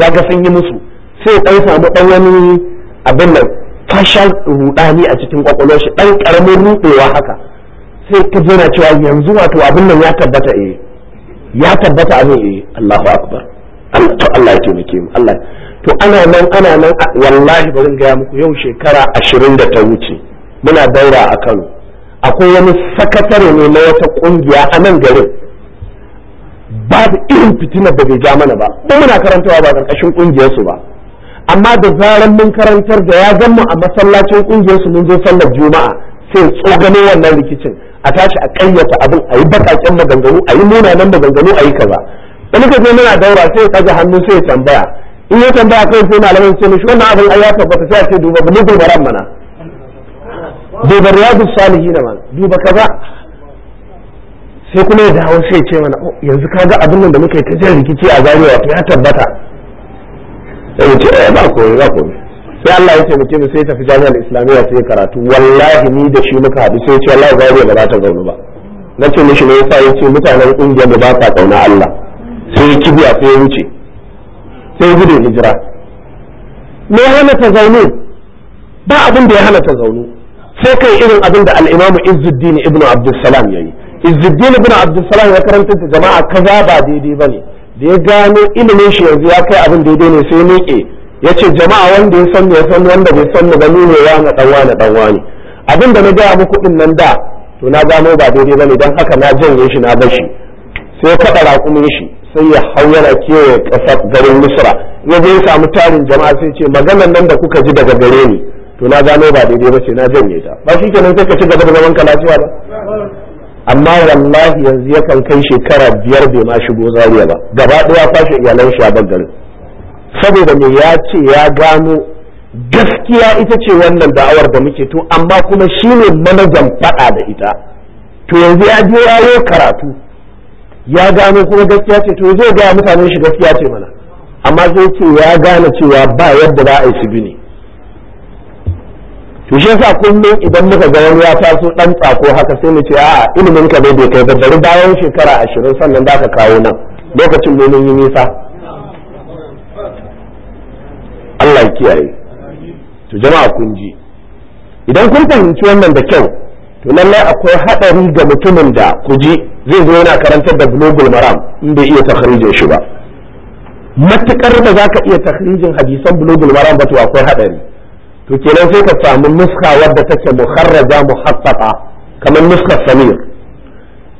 ya ga sun yi musu sai ɗan samu ɗan wani abin nan kwashen rudani a cikin kwakwalwar shi dan karamin rudewa haka sai ka jira cewa yanzu wato abin nan ya tabbata eh ya tabbata abin eh Allahu akbar to Allah ya taimake mu Allah to ana nan ana nan wallahi bari in gaya muku yau shekara ashirin da ta wuce muna daura a Kano akwai wani sakatare ne na wata kungiya a nan garin babu irin fitina da bai ja mana ba mu muna karantawa ba karkashin kungiyar su ba amma da zaran mun karantar da ya gan mu a masallacin kungiyar su mun je sallar juma'a sai tsogano wannan rikicin a tashi a kayyata abin a yi bakakken maganganu a yi munanan maganganu a yi kaza wani kaje muna daura sai ya kaga hannu sai ya tambaya in ya tambaya kai sai malamin sai shi wannan abin ai ya tabbata sai a ce duba duba ran mana duba riyadus salihin mana duba kaza sai kuma ya dawo sai ya ce mana oh, yanzu kaga abin nan da muke ta jin rikici a zariya ya tabbata sai mu ce eh, ba komai ba komai sai Allah ya ce mu sai tafi jami'ar islamiyya sai karatu wallahi ni da shi muka haɗu sai ce wallahi zariya ba za ta zauna ba na ce mishi ne yasa yace mutanen kungiyar da ba sa kauna Allah sai ya kibiya sai ya wuce sai ya gudu hijira me hana ta zaune ba abin da ya hana ta zaune sai kai irin abin da al-Imam Izzuddin ibn Abdul Salam yayi Izzuddin ibn Abdul Salam ya karanta jama'a kaza ba daidai bane da ya gano ilimin shi yanzu ya kai abin daidai ne sai miƙe ya ce jama'a wanda ya san ya san wanda bai san ba ne ya na ɗanwa na ɗanwa ne abin da na gaya muku ɗin nan da to na gano ba daidai ba ne haka na janye shi na bar shi sai ya kaɗa raƙumin shi sai ya hau yana kewaye ƙasar garin misra ya je ya samu tarin jama'a sai ce maganar nan da kuka ji daga gare ni to na gano ba daidai ba ce na janye ta ba shi kenan sai ka ci gaba da zaman ka lafiya ba amma wallahi yanzu yakan kai shekara biyar bai ma shigo zariya ba gaba ɗaya fashe iyalan shi a garin saboda me ya ce ya gano gaskiya ita ce wannan da'awar da muke to amma kuma shine manajan faɗa da ita to yanzu ya je ya karatu ya gano kuma gaskiya ce to zai ga mutanen shi gaskiya ce mana amma zai ce ya gane cewa ba yadda za a yi su bi ne to shi yasa kullum idan muka ga wani ya taso dan tsako haka sai mu ce a'a ilimin ka bai kai ba bari bayan shekara ashirin sannan da ka kawo nan lokacin ne mun yi nisa Allah kiyaye to jama'a kun ji idan kun fahimci wannan da kyau to lallai akwai hadari ga mutumin da ku ji zai zo yana karantar da global maram in bai iya takharijin shi ba matukar da ka iya takharijin hadisan global maram ba to akwai hadari to kenan sai ka samu nuska wadda take muharraja muhaqqaqa kamar nuskar samir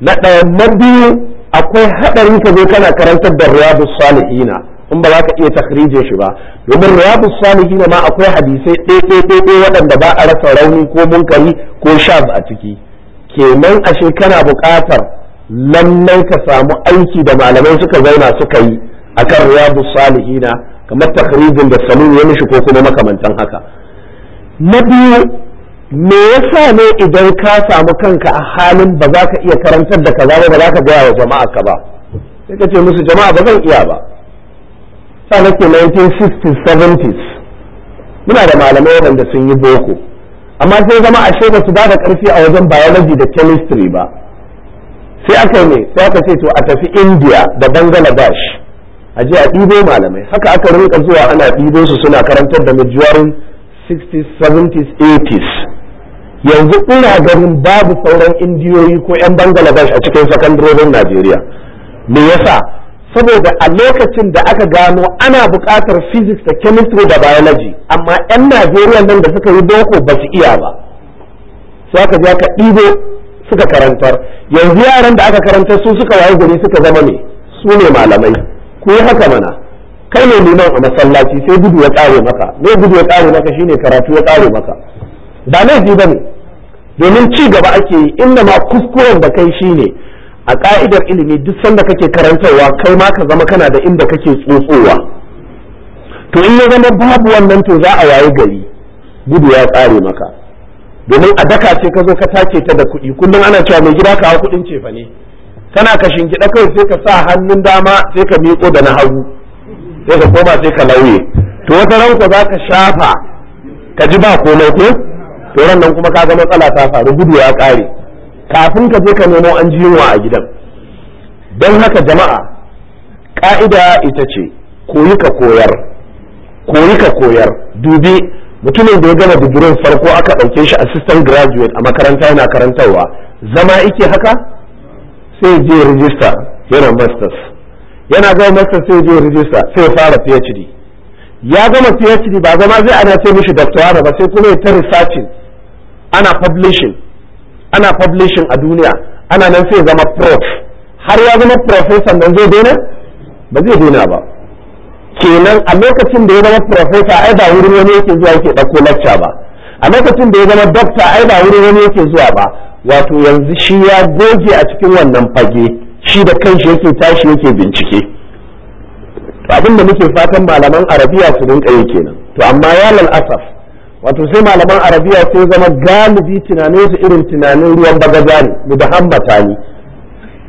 na ɗaya na biyu akwai haɗarin ka zo kana karantar da riyadu salihina in ba za ka iya takhrije shi ba domin riyadu salihina ma akwai hadisai ɗaya waɗanda ba a rasa rauni ko munkari ko shaz a ciki kenan ashe kana buƙatar lallai ka samu aiki da malamai suka zauna suka yi akan riyadu salihina kamar takhrijin da samun ya mishi ko kuma makamantan haka na biyu me yasa ne idan ka samu kanka a halin ba za ka iya karantar da kaza ba ba za ka gaya wa jama'a ka ba sai ka ce musu jama'a ba zan iya ba sa nake 1960s 70s muna da malamai wanda sun yi boko amma sai zama a ba su ba da ƙarfi a wajen biology da chemistry ba sai aka ne sai aka ce to a tafi india da bangladesh a je a ɗibo malamai haka aka rinka zuwa ana ɗibo su suna karantar da mijiyorin 60s 70s 80s yanzu ina garin babu sauran indiyoyi ko 'yan bangladesh a cikin sakandarorin najeriya me yasa saboda a lokacin da aka gano ana buƙatar physics da chemistry da biology amma 'yan najeriya nan da suka yi boko ba su iya ba su aka ji aka ɗibo suka karantar yanzu yaran da aka karantar su suka waye gari suka zama ne su ne malamai ku yi haka mana kai ne liman a masallaci sai gudu ya tsare maka ne gudu ya tsare maka shine karatu ya tsare maka ba laifi bane domin ci gaba ake yi inda ma kuskuren da kai shine a ka'idar ilimi duk sanda kake karantarwa kai ma ka zama kana da inda kake tsotsowa to in ya zama babu wannan to za a waye gari gudu ya tsare maka domin a daka ce ka zo ka take ta da kuɗi kullum ana cewa mai gida kawo kuɗin cefa ne kana ka shingiɗa kai sai ka sa hannun dama sai ka miƙo da na hagu sai ka koma sai ka lauye to wata ran za ka shafa ka ji ba komai ko to ran nan kuma ka ga matsala ta faru gudu ya kare kafin ka je ka nemo an ji yunwa a gidan don haka jama'a ka'ida ita ce koyi ka koyar koyi ka koyar dubi mutumin da ya gama digirin farko aka ɗauke shi assistant graduate a makaranta yana karantarwa zama ike haka sai je register yana masters yana gama masa sai je rijista sai fara PhD ya gama PhD ba zama zai ana ce mishi doctorate ba sai kuma ya ta researching ana publishing ana publishing a duniya ana nan sai zama prof har ya zama professor nan zai daina ba zai daina ba kenan a lokacin da ya zama professor ai ba wurin wani yake zuwa yake dauko lecture ba a lokacin da ya zama doctor ai ba wurin wani yake zuwa ba wato yanzu shi ya goge a cikin wannan fage shi da kanshi yake tashi yake bincike abin da muke fatan malaman arabiya su rinka yi kenan to amma ya asaf wato sai malaman arabiya sun zama galibi tunanin su irin tunanin ruwan bagaza ne mu da hammata ne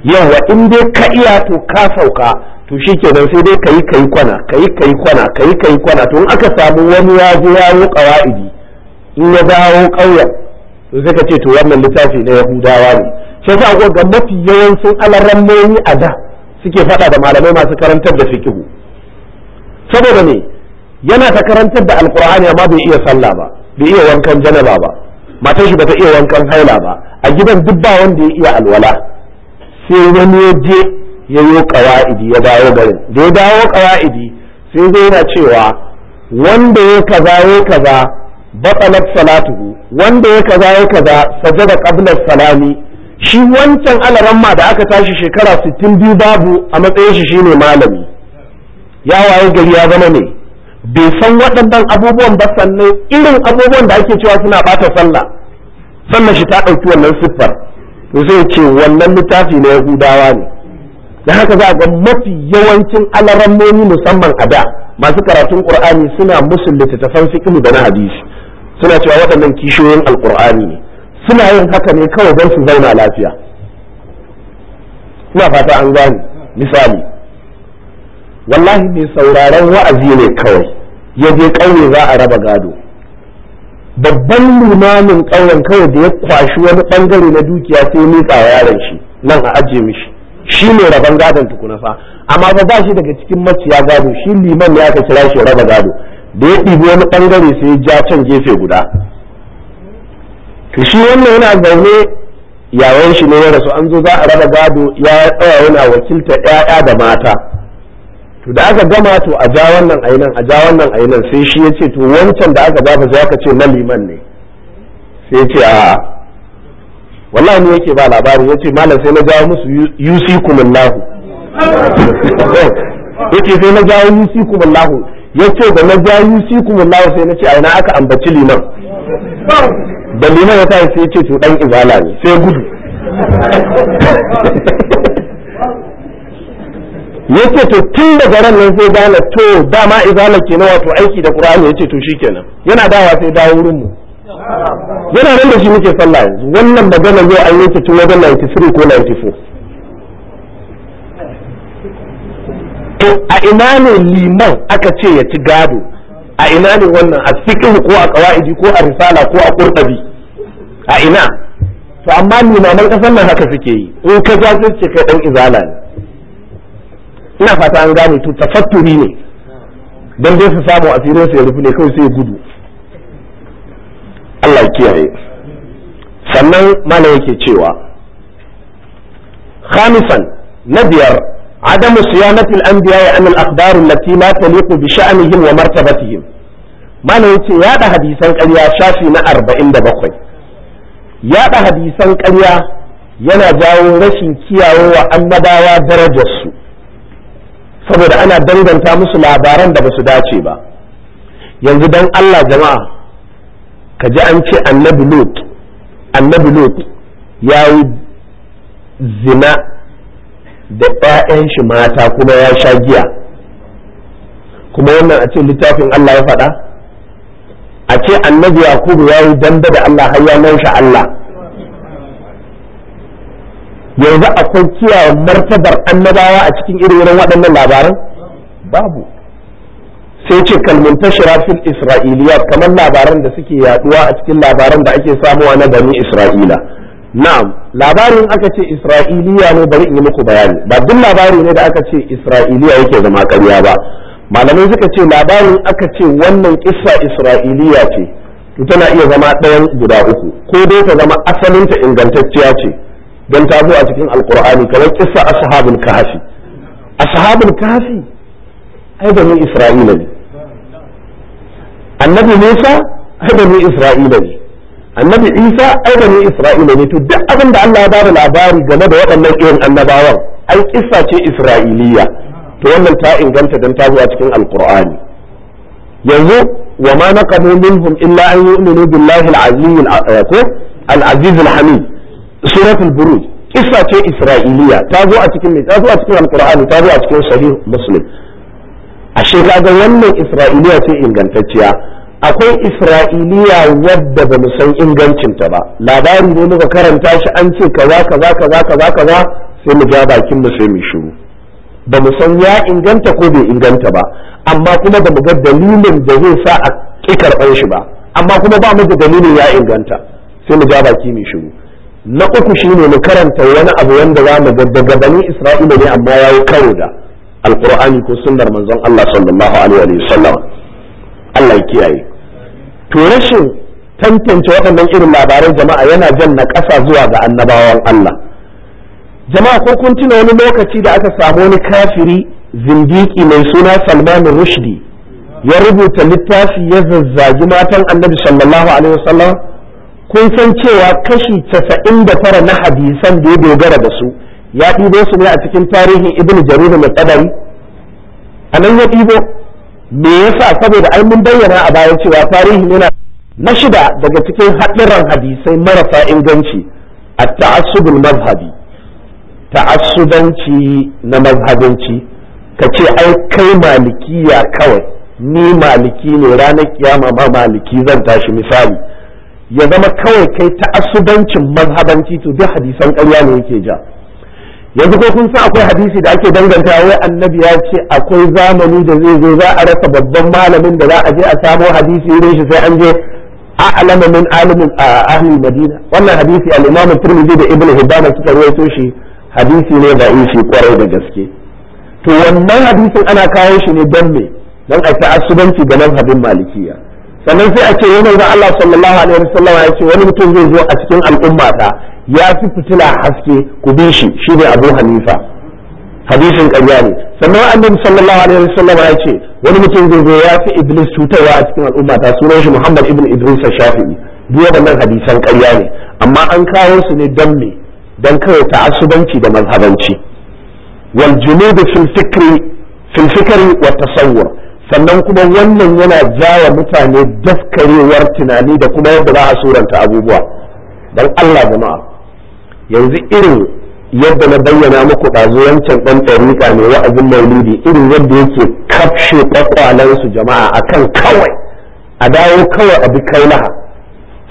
yawa in dai ka iya to ka sauka to shi kenan sai dai kayi kayi kwana kayi kayi kwana kayi kayi kwana to in aka samu wani ya je ya yi qawaidi in ya dawo ƙauyen to sai ka ce to wannan littafi na yahudawa ne sai a ga mafi yawancin alarammomi a da suke faɗa da malamai masu karantar da fiƙihu saboda ne yana ta karantar da alkur'ani amma bai iya sallah ba bai iya wankan janaba ba matan shi bata iya wankan haila ba a gidan duk ba wanda ya iya alwala sai wani ya je ya yi ƙawa'idi ya dawo garin da ya dawo kawa'idi sai zai yana cewa wanda ya kaza ya kaza batsalat salatuhu wanda ya kaza ya kaza sajada qabla salami shi wancan alaramma da aka tashi shekara 62 babu a matsayin shi shine malami ya waye gari ya zama ne bai san waɗannan abubuwan ba sannan irin abubuwan da ake cewa suna bata sallah sannan shi ta ɗauki wannan siffar to sai ce wannan littafi na yahudawa ne da haka za a ga mafi yawancin alarammomi musamman a da masu karatun qur'ani suna musu littattafan fiqh da na hadisi suna cewa waɗannan kishiyoyin alqur'ani ne suna yin haka ne kawai don su zauna lafiya ina fata an gane misali wallahi mai sauraron wa'azi ne kawai ya je ƙauye za a raba gado babban limamin ƙauyen kawai da ya kwashi wani ɓangare na dukiya sai ya miƙa yaron shi nan a ajiye mishi shi ne rabon gadon tukuna fa amma fa ba shi daga cikin maciya gado shi liman ne aka kira shi raba gado da ya ɗibi wani ɓangare sai ya ja can gefe guda shi wannan yana zaune yawon shi ne ya rasu an zo za a raba gado ya tsaya yana wakilta ƴaƴa da mata to da aka gama to a ja wannan ainan a ja wannan ainan sai shi ya ce to wancan da aka ba za ka ce na liman ne sai ya ce a wallahi ne yake ba labari ya ce malam sai na jawo musu ya yake sai na jawo yusikumullahu ya ce da na jawo yusikumullahu sai na ce a ina aka ambaci liman da liman ya sai ce to dan izala ne sai gudu yace to tun daga ran nan sai gane to dama izala ke na wato aiki da qur'ani yace to shikenan yana dawa sai dawo wurin mu yana nan da shi muke sallah yanzu wannan magana yau an yanke tun wajen 93 ko 94 to a ina ne liman aka ce ya ci gado a ina ne wannan a fiqh ko a qawaidi ko a risala ko a qurtabi a ina to amma man kasan nan haka suke yi in ka ja kai dan izala ne ina fata an gane to tafatturi ne dan dai su samu asirin su ya rufe ne kawai sai gudu Allah kiyaye sannan malam yake cewa khamisan na biyar عدم صيانة الأنبياء عن الأقدار التي لا تليق بشأنهم ومرتبتهم ما نوتي يا ده حديثا قليا شافي ما أربعين دبقي يا ده حديثا قليا ينا جاو رشي كيا هو أما داوا درجة سو فبدا أنا labaran تامس ba ده dace ba yanzu don Allah jama'a ka ji an ce annabi lut annabi lut zina da 'ya'yan shi mata kuma ya sha giya kuma wannan a ce littafin Allah ya faɗa a ce annabi yakubu ya yi damba da Allah har ya naushe Allah yanzu akwai kiyaye martabar annabawa a cikin irin waɗannan labaran babu sai ce kalmin tashira fil isra'iliya kamar labaran da suke yaduwa a cikin labaran da ake samuwa na bani isra'ila na'am labarin aka ce isra'iliya ne bari in yi muku bayani ba duk labari ne da aka ce isra'iliya yake zama ƙarya ba malamai suka ce labarin aka ce wannan kissa isra'iliya ce to tana iya zama ɗayan guda uku ko dai ta zama asalinta ingantacciya ce don ta zo a cikin alkur'ani kamar kissa ashabul kahfi ashabul kahfi ai da isra'ila ne annabi musa ai da isra'ila ne annabi isa ai isra'ila ne to duk abin da Allah ya bada labari game da waɗannan irin annabawan ai isa ce isra'iliya to wannan ta inganta dan ta zuwa cikin alqur'ani yanzu wa ma naqamu minhum illa an yu'minu billahi al-aziz eh, al-aziz al-hamid suratul buruj isa ce isra'iliya ta zo a cikin ta zo a cikin ta zo a cikin sahih muslim ashe kaga wannan isra'iliya ce ingantacciya akwai isra'iliya yadda ba mu san ingancinta ba labari ne muka karanta shi an ce kaza kaza kaza kaza kaza sai mu ja bakin mu sai mu shiru ba mu san ya inganta ko bai inganta ba amma kuma ba mu ga dalilin da zai sa a ki karɓar shi ba amma kuma ba mu da dalilin ya inganta sai mu ja baki mu shiru na uku shine mu karanta wani abu wanda za mu ga daga bani isra'ila ne amma ya yi karo da alqur'ani ko sunnar manzon Allah sallallahu alaihi wa sallam Allah ya kiyaye to rashin tantance waɗannan irin labaran jama'a yana jan na ƙasa zuwa ga annabawan Allah jama'a ko kun tuna wani lokaci da aka samu wani kafiri zindiki mai suna Salman Rushdi ya rubuta littafi ya zazzagi matan Annabi sallallahu alaihi wasallam kun san cewa kashi casa'in 99 na hadisan da ya dogara da su ya ɗibo su ne a cikin tarihin Ibn Jarir mai qadari anan ya ɗibo me yasa saboda ai mun bayyana a bayan cewa tarihi yana na shida daga cikin haɗiran hadisai marasa inganci a ta'assubul mazhabi ta'assubanci na mazhabanci ka ce ai kai malikiya kawai ni maliki ne ranar kiyama ba maliki zan tashi misali ya zama kawai kai ta'assubancin mazhabanci to duk hadisan ƙarya ne yake ja yanzu ko kun san akwai hadisi da ake danganta wai annabi ya ce akwai zamani da zai zo za a rasa babban malamin da za a je a samo hadisi wurin shi sai an je a'lama min alimin ahli madina wannan hadisi al-imam tirmidhi da ibnu hibban suka rawaito shi hadisi ne da shi kwarai da gaske to wannan hadisin ana kawo shi ne don me don a ta'assubanci da mazhabin malikiya sannan sai a ce yana da Allah sallallahu alaihi wasallam ya ce wani mutum zai zo a cikin al'ummata. ta ya fi fitila haske ku bi shi shine abu hanifa hadisin ƙarya ne sannan annabi sallallahu alaihi wasallam ya ce wani mutum zai zo ya fi iblis cutarwa a cikin al'umma ta sunan shi muhammad ibn idris shafi'i duk wannan hadisan ƙarya ne amma an kawo su ne dan me don ta ta'assubanci da mazhabanci wal junud fil fikri fil fikri wa tasawwur sannan kuma wannan yana jawa mutane daskarewar tunani da kuma yadda za a suranta abubuwa dan Allah jama'a yanzu irin yadda na bayyana muku ɗazu wancan ɗan ɗarika mai wa'azin maulidi irin yadda yake kafshe ƙwaƙwalansu jama'a akan kawai a dawo kawai a bi laha,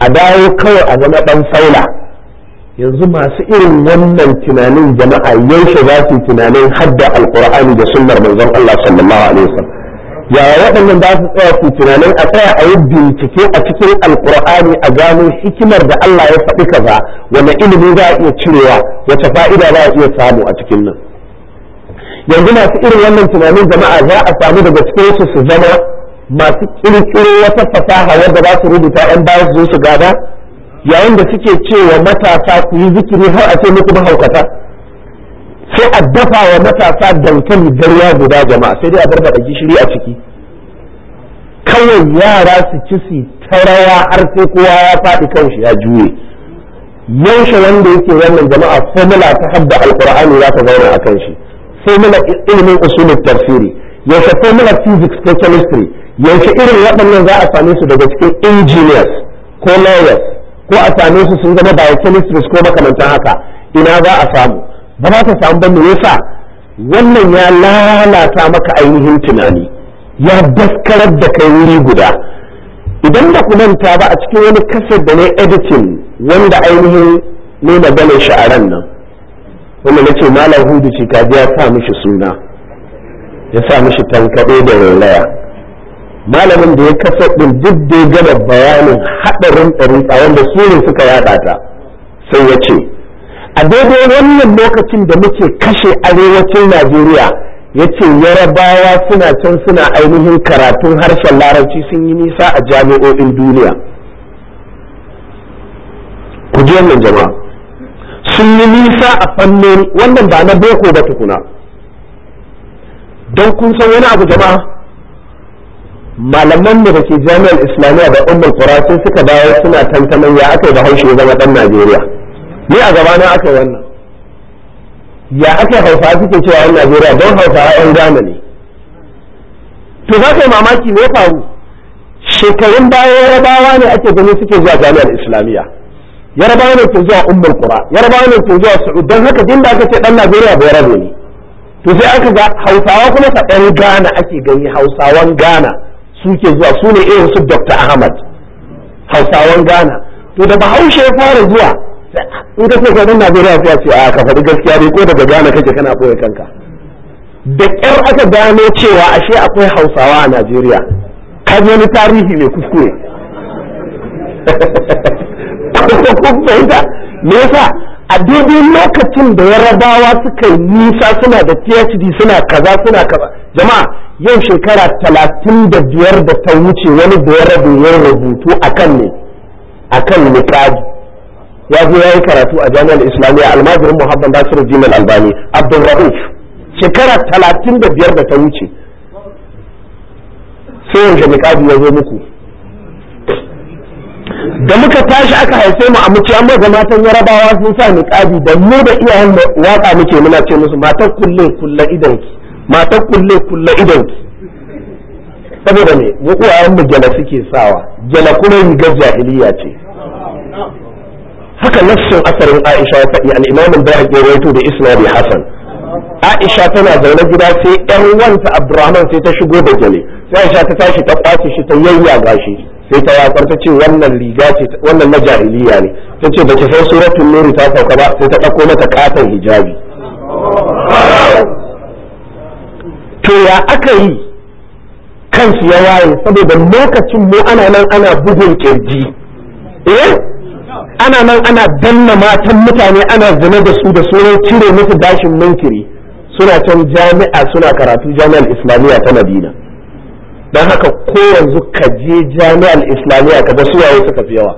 a dawo kawai a zama ɗan faula yanzu masu irin wannan tunanin jama'a yaushe za su tunanin hadda alƙur'ani da sunnar manzon Allah sallallahu alaihi wasallam yaya waɗannan da su tsaya su tunanin a tsaya a yi bincike a cikin alkur'ani a gano hikimar da Allah ya faɗi kaza wanda ilimi za a iya cirewa wace fa'ida za a iya samu a cikin nan yanzu masu irin wannan tunanin jama'a za a samu daga cikin su su zama masu kirkiro wata fasaha wadda za su rubuta yan baya su su gada yayin da suke cewa matasa su yi zikiri har a ce muku mahaukata sai a dafa wa matasa dankali garya guda jama'a sai dai a da gishiri a ciki kawai yara su ci su ta rawa har sai kowa ya faɗi kan shi ya juye yaushe wanda yake wannan jama'a formula ta habba alqur'ani za ta zauna a kan shi formula ilimin usulul tafsiri yaushe formula physics ko chemistry yaushe irin waɗannan za a same su daga cikin engineers ko lawyers ko a same su sun zama biochemistry ko makamantan haka ina za a samu ba za ka samu ba me yasa wannan ya lalata maka ainihin tunani ya daskarar da kai wuri guda idan da ku manta ba a cikin wani kasar da na editin wanda ainihin ne maganar sha'aran nan wanda na ce malam hudu ce kaji ya sa mishi suna ya sa mishi tankaɗe da rolaya malamin da ya kasa ɗin duk da ya gama bayanin haɗarin ɗarin da su suka yaɗa ta sai ya ce a daidai wannan lokacin da muke kashe arewacin najeriya ya ce yarabawa suna can suna ainihin karatun harshen larabci sun yi nisa a jami'o'in duniya ku ji wannan jama'a sun yi nisa a fannoni wannan ba na boko ba tukuna don kun san wani abu jama'a malaman da ke jami'ar islamiyya da umar sai suka dawo suna tantaman ya aka yi bahaushe ya zama dan najeriya ni a gabana aka wannan ya aka hausa suke cewa yan najeriya don hausa yan gane ne to za ka yi mamaki me faru shekarun baya yarabawa ne ake gani suke zuwa jami'ar islamiyya yarabawa ne ke zuwa ummul qura yarabawa ne ke zuwa su'ud don haka din da aka ce dan najeriya bai rabe ne to sai aka ga hausawa kuma ka dan gana ake gani hausawan gana suke zuwa su ne irin su dr ahmad hausawan gana to da bahaushe ya fara zuwa in ka ce kwanan najeriya sai a ce a ka faɗi gaskiya ne ko daga gane kake kana ɓoye kanka da ƙyar aka gano cewa ashe akwai hausawa a najeriya ka wani tarihi mai kuskure fahimta me yasa a daidai lokacin da yarabawa suka yi nisa suna da phd suna kaza suna kaza jama'a yau shekara talatin da biyar da ta wuce wani da ya rabu ya rubutu akan ne akan nikaji ya zo ya yi karatu a jami'ar islamiyya almajirin muhammad nasiru jimal albani abdulrahuf shekara talatin da biyar da ta wuce sai yanzu mikadi ya zo muku da muka tashi aka haife mu a muke an maza matan yarabawa sun sa niqabi da mu da iyayen waka muke muna ce musu matan kulle kulle idanki matan kulle kulle saboda ne mu iyayen mu gela suke sawa gela kuma rigar jahiliya ce haka nassin asarin Aisha ya faɗi al-Imam al-Bayhaqi ya rawaito da isnadi Hasan Aisha tana zaune gida sai ɗan wanta Abdurrahman sai ta shigo da gele sai Aisha ta tashi ta kwace shi ta yayya gashi sai ta yakar ta ce wannan riga ce wannan na jahiliya ne ta ce ba ki san suratul nur ta sauka ba sai ta ɗauko mata katon hijabi to ya aka yi kansu ya waye saboda lokacin mu ana nan ana bugun kirji eh ana nan ana danna matan mutane ana zina da su da sunan cire musu bashin munkiri suna can jami'a suna karatu jami'ar islamiyya ta madina don haka ko yanzu ka je jami'ar islamiyya ka ga suwaye suka fi yawa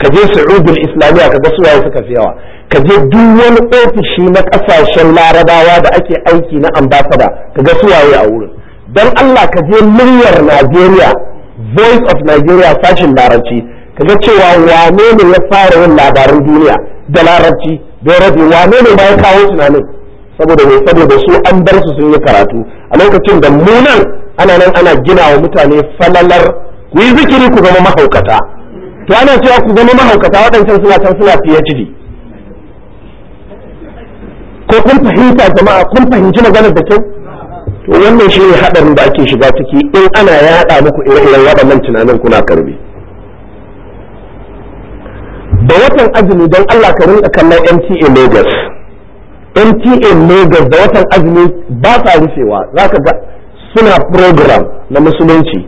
ka je su'udul islamiyya ka ga suwaye suka fi yawa ka je duk wani ofishi na kasashen larabawa da ake aiki na ambasada ka ga suwaye a wurin don allah ka je muryar najeriya voice of nigeria sashin larabci kaga cewa wane ne ya fara yin labaran duniya da larabci da rabi wane ne ba ya kawo tunanin saboda mai saboda su an bar su sun yi karatu a lokacin da mu nan ana nan ana gina wa mutane falalar ku yi zikiri ku zama mahaukata to ana cewa ku zama mahaukata waɗancan suna can suna PhD ko kun fahimta jama'a kun fahimci maganar da kyau to wannan shi ne haɗarin da ake shiga ciki in ana yaɗa muku ire-iren waɗannan tunanin kuna karbi da watan azumi don Allah ka rinka kallon MTA Lagos MTA Lagos da watan azumi ba sa rufewa za ka ga suna program na musulunci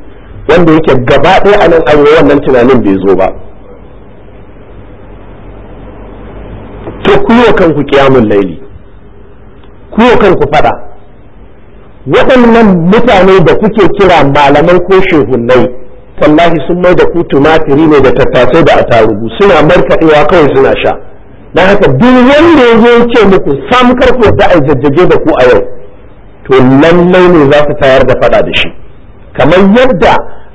wanda yake gaba ɗaya a nan arewa wannan tunanin bai zo ba to kuyo ku kiyamun laili kuyo ku fada waɗannan mutane da kuke kira malaman ko shehunai wallahi sun mai da ku tumatiri ne da tattasai da atarugu suna markaɗewa kawai suna sha na haka duk wanda ya ce muku sam karku da a jajjage da ku a yau to lallai ne za su tayar da faɗa da shi kamar yadda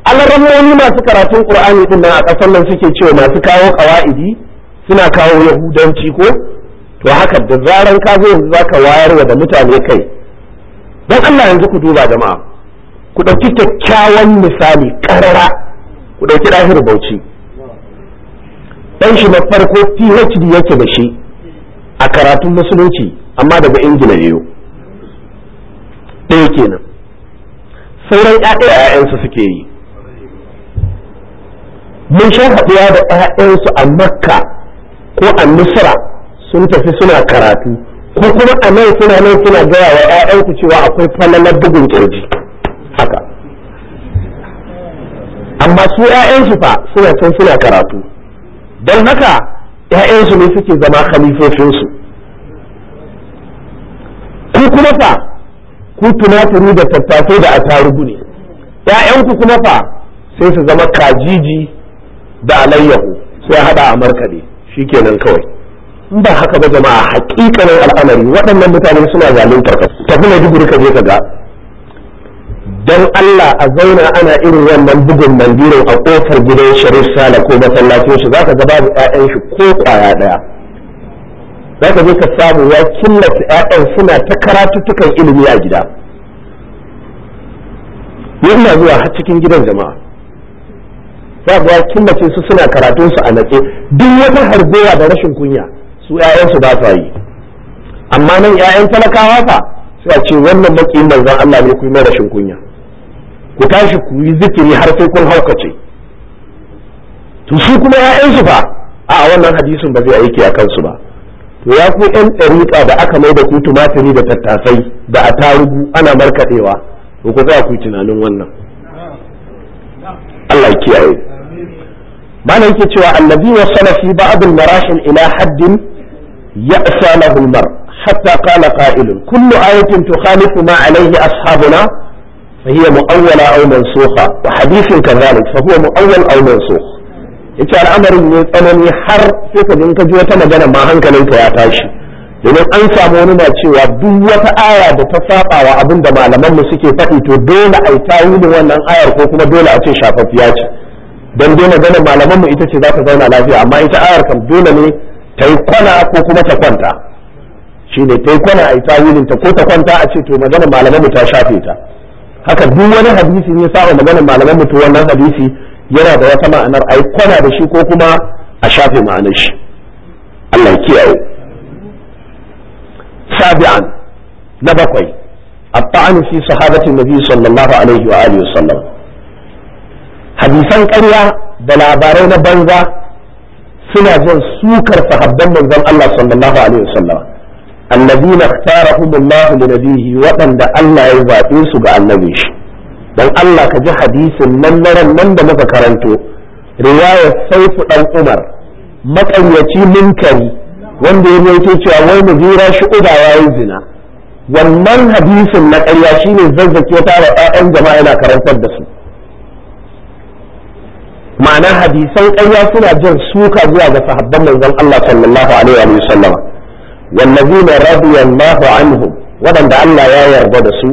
alaramoni masu karatun qur'ani din nan a ƙasar nan suke cewa masu kawo ƙawa'idi suna kawo yahudanci ko to haka da zaran ka zo yanzu zaka wayarwa da mutane kai dan Allah yanzu ku duba jama'a ku ɗauki kyakkyawan misali ƙarara ku ɗauki ɗahir bauchi ɗan shi na farko phd yake da shi a karatun musulunci amma daga ingila ne yau ɗaya kenan sauran ƴaƴa ƴaƴansu suke yi mun sha haɗuwa da ƴaƴansu a makka ko a Nusra sun tafi suna karatu ko kuma a nan suna nan suna gaya wa ku cewa akwai falalar bugun kirji haka amma su 'ya'yansu fa suna can suna karatu don haka 'ya'yansu ne suke zama khalifofinsu ku kuma fa ku tunaturi da tattasai da atarugu ne 'ya'yanku kuma fa sai su zama kajiji da alayyahu sai hada a markaɗe shikenan kawai in ba haka ba jama'a hakikanin al'amari waɗannan mutane suna zaluntar ka tafi na duburi ka je ka ga don Allah a zauna ana irin wannan bugun mandirin a kofar gidan sharif sala ko masallacin shi zaka ga babu ƴaƴan shi ko ƙwaya ɗaya zaka je ka samu ya killace ƴaƴan suna ta karatuttukan ilimi a gida yana zuwa har cikin gidan jama'a za ya killace su suna karatun a natse duk wata harbewa da rashin kunya su ƴaƴan su ba sa yi amma nan ƴaƴan talakawa fa sai a ce wannan makiyin manzon Allah ne kuma rashin kunya ku tashi ku yi zikiri har sai kun haukace to su kuma ƴaƴansu fa a wannan hadisin ba zai aiki a kansu ba to ya ku ƴan ɗariƙa da aka mai da ku tumatiri da tattasai da atarugu ana markaɗewa to ku za ku yi tunanin wannan Allah ya kiyaye malam yake cewa annabi wa salafi ba'd al-marahil ila haddin ya'sa lahu al-mar hatta qala qa'ilun kullu ayatin tukhalifu ma alayhi ashabuna فهي مؤولة أو منسوخة وحديث كذلك فهو مؤول أو منسوخ yace al'amarin ne tsanani har sai ka ka ji wata magana ma hankalinka ya tashi domin an samu wani na cewa duk wata aya da ta saba wa abin da malaman mu suke faɗi to dole a yi tawilin wannan ayar ko kuma dole a ce shafaffiya ce don dai maganar malaman ita ce za ta zauna lafiya amma ita ayar kam dole ne ta yi kwana ko kuma ta kwanta shi ne ta yi kwana a yi tawilin ta ko ta kwanta a ce to maganar malaman mu ta shafe ta haka duk wani hadisi ne sa maganar malaman mutum wannan hadisi yana da wata ma'anar ai kwana da shi ko kuma a shafe ma'anar shi Allah ya kiyaye sabi'an na bakwai الطعن في sallallahu alaihi صلى الله عليه hadisan وسلم da labarai na banza suna jin sukar sahabban manzon Allah sallallahu alaihi wasallam nabihi waɗanda Allah ya zaɓe su ga annabi shi. dan Allah ka ji hadisin nan naran nan da muka karanto riwaya saifu dan Umar makanyaci munkari wanda ya rawaito cewa wai mujira shi uba yayi zina wannan hadisin na ƙarya shine zazzaki ya tara ƴaƴan jama'a yana karantar da su ma'ana hadisan ƙarya suna jin suka zuwa ga sahabban manzon Allah sallallahu alaihi wa sallam wallazina radiyallahu anhum waɗanda Allah ya yarda da su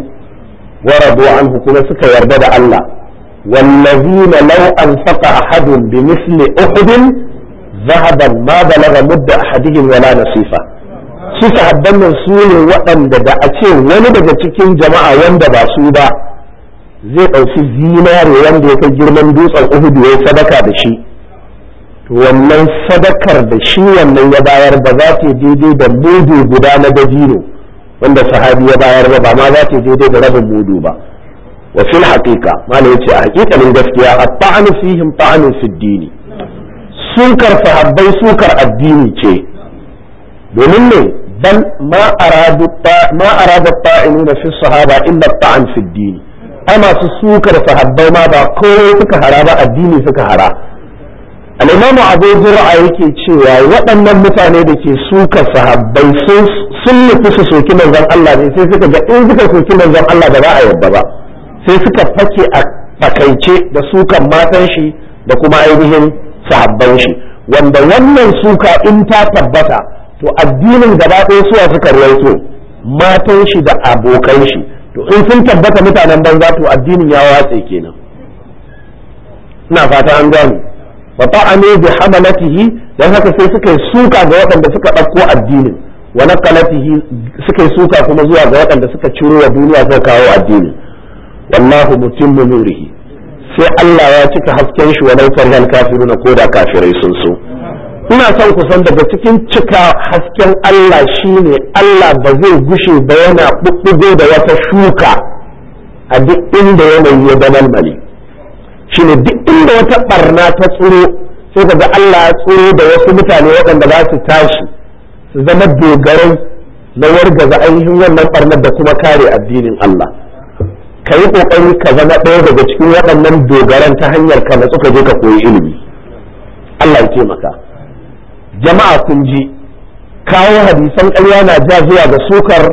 wa radu anhu kuma suka yarda da Allah wallazina law anfaqa ahadun bi misli uhudin zahaban ma balaga mudda ahadihim wala nasifa su sahabban nan su waɗanda da a ce wani daga cikin jama'a wanda ba su ba zai ɗauki zinare wanda ya kai girman dutsen uhudu ya sadaka da shi wannan sadakar da shi wannan ya bayar ba za ta daidai da mudu guda na dabino wanda sahabi ya bayar ba ba ma za ta daidai da rabin mudu ba wasu fil haqiqa malai yace a haƙiƙanin gaskiya at-ta'anu fihim ta'anu fid-dini sukar sahabbai sukar addini ce domin ne bal ma aradu ma da fi sahaba illa ta'an fid-dini ai masu sukar sahabbai ma ba kowa suka hara ba addini suka hara al'imamu abu zura yake cewa waɗannan mutane da ke suka sahabbai sun nufi su soki manzan Allah ne sai suka ga in suka soki manzan Allah da ba a yadda ba sai suka fake a fakaice da sukan matan shi da kuma ainihin sahabban shi wanda wannan suka in ta tabbata to addinin gaba ɗaya suwa suka rawaito matan shi da abokan shi to in sun tabbata mutanen banza to addinin ya watse kenan ina fata an gane fa ta'anu bi hamalatihi dan haka sai suka yi suka ga waɗanda suka ɗauko addinin wa naqalatihi suka yi suka kuma zuwa ga waɗanda suka ciro wa duniya suka kawo addinin wallahu mutimmu nurihi sai Allah ya cika hasken shi walau karhal kafirun ko da kafirai sun so ina son ku san daga cikin cika hasken Allah shine Allah ba zai gushe ba yana bubbugo da wata shuka a duk inda yanayi ya da mali shine duk inda wata barna ta tsoro sai ka ga Allah ya tsoro da wasu mutane waɗanda za su tashi su zama dogarai na wargaza ainihin wannan barnar da kuma kare addinin Allah ka yi ƙoƙari ka zama ɗaya daga cikin waɗannan dogaran ta hanyar ka na suka je ka koyi ilimi Allah ya taimaka jama'a kun ji kawo hadisan ƙarya na ja zuwa ga sukar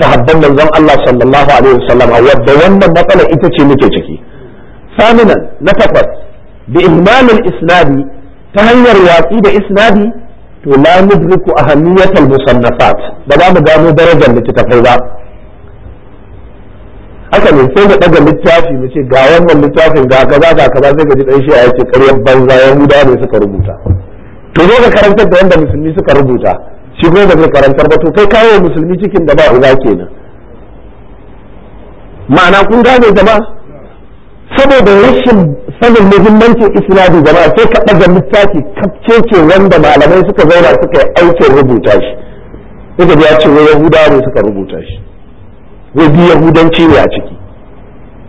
sahabban manzon Allah sallallahu alaihi wasallam wadda wannan matsalar ita ce muke ciki saminan na takwas da ihmalil isnadi ta hanyar watsi da isnadi to la nudriku ahamiyatal musannafat ba za mu gano darajar littattafai ba haka ne sai mu daga littafi mu ce ga wannan littafin ga kaza ga kaza sai ka ji dan shi ya ce ƙaryar banza yahuda ne suka rubuta to zo karantar da wanda musulmi suka rubuta shi ko ba karantar ba to kai kawo musulmi cikin da ba uba kenan ma'ana kun gane jama'a saboda rashin sanin muhimmancin islami jama'a sai ka ɗaga littafi kafcece wanda malamai suka zauna suka yi aikin rubuta shi suka ya ce wai yahudawa ne suka rubuta shi wai bi yahudanci ne a ciki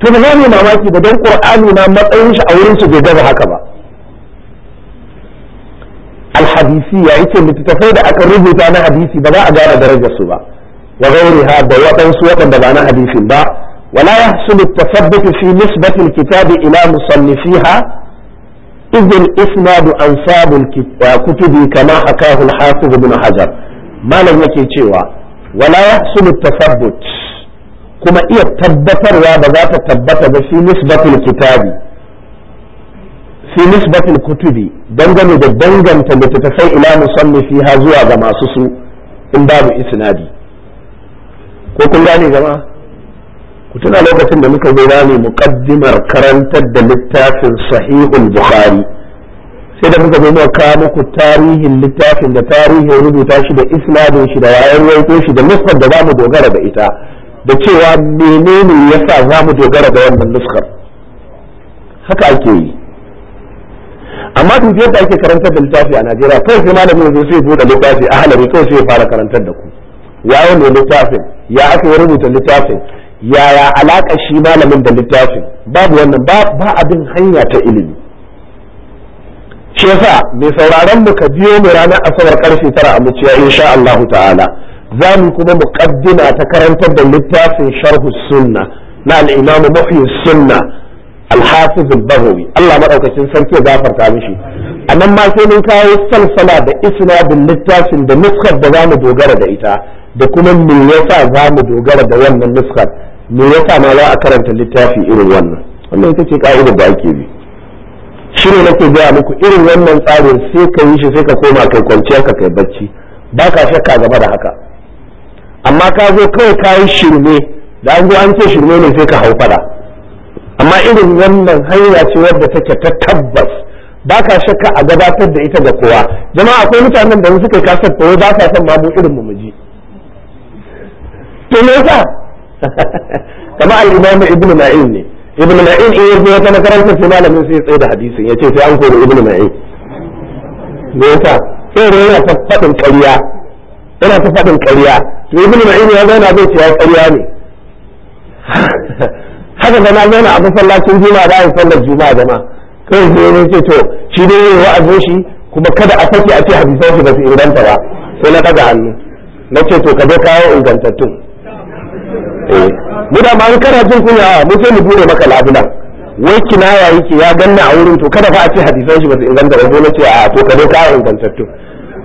to ba za mamaki da don ƙur'ani na matsayin shi a wurin su bai gaza haka ba alhadisi ya yi ce littattafai da aka rubuta na hadisi ba za a gane darajar su ba wa ha da waɗansu waɗanda ba na hadisin ba ولا يحصل التثبت في نسبة الكتاب إلى مصنفيها إذ الإسناد أنساب الكتب كما حكاه الحافظ بن حجر ما لم يكن ولا يحصل التثبت كما إيه تبتر وبذات تبتر في نسبة الكتاب في نسبة الكتب دنجم دنجم تلتتفي إلى مصنفيها زوا ما سسو إن باب إسنادي ko kun gane jama'a ku tuna lokacin da muka zo rani muqaddimar karantar da littafin sahihun bukhari sai da muka zo muka kawo muku tarihin littafin da tarihin rubuta shi da isnadin shi da wayan waiko shi da nuskar da zamu dogara da ita da cewa menene yasa zamu dogara da wannan nuskar haka ake yi amma duk yadda ake karantar da littafi a Najeriya kawai sai malamin zai sai bude littafi a halari kawai sai ya fara karantar da ku ya wani littafin ya aka yi rubuta littafin yaya alaƙa shi malamin da littafin babu wannan ba abin hanya ta ilimi shi yasa mai sauraron mu ka biyo mu ranar asabar karfe tara a muciya insha Allahu ta'ala za mu kuma muqaddima ta karantar da littafin sharhu sunna na al-imam muhyi sunna al-hafiz al-bahawi Allah madaukakin sarki ya gafarta mishi anan ma sai mun kawo salsala da isnadin littafin da nuskar da zamu dogara da ita da kuma me yasa zamu dogara da wannan nuskar me yasa ma za a karanta littafi irin wannan wannan ita ce ka'idar da ake bi shi ne nake gaya muku irin wannan tsarin sai ka yi shi sai ka koma kai kwanciyar ka kai bacci ba ka shakka gaba da haka amma ka zo kawai ka yi shirme da an zo an ce shirme ne sai ka hau fada amma irin wannan hanya ce wadda take ta tabbas ba ka shakka a gabatar da ita ga kowa jama'a akwai mutanen da suka yi kasar ba sa son babu irin mu ji to me yasa kama al-imam ibn ma'in ne ibnu ma'in in yazo ta makarantar sai malamin sai ya tsaye da hadisin yace sai an koro ibnu ma'in me yasa sai da yana ta fadin ƙarya yana ta fadin ƙarya to ibnu ma'in ya zauna zai ce ya ƙarya ne haka da na zauna a masallacin juma'a da yin sallar juma'a ma kai sai ne ce to shi ne wa'azin shi kuma kada a sake a ce hadisan shi ba su inganta ba sai na ɗaga hannu na ce to ka je kawo ingantattun eh mu ma kana jin kunya mu sai mu bude maka labulan wai kinaya yake ya ganna a wurin to kada fa a ce hadisan shi ba su inganta ba dole ce a to ka dai ka to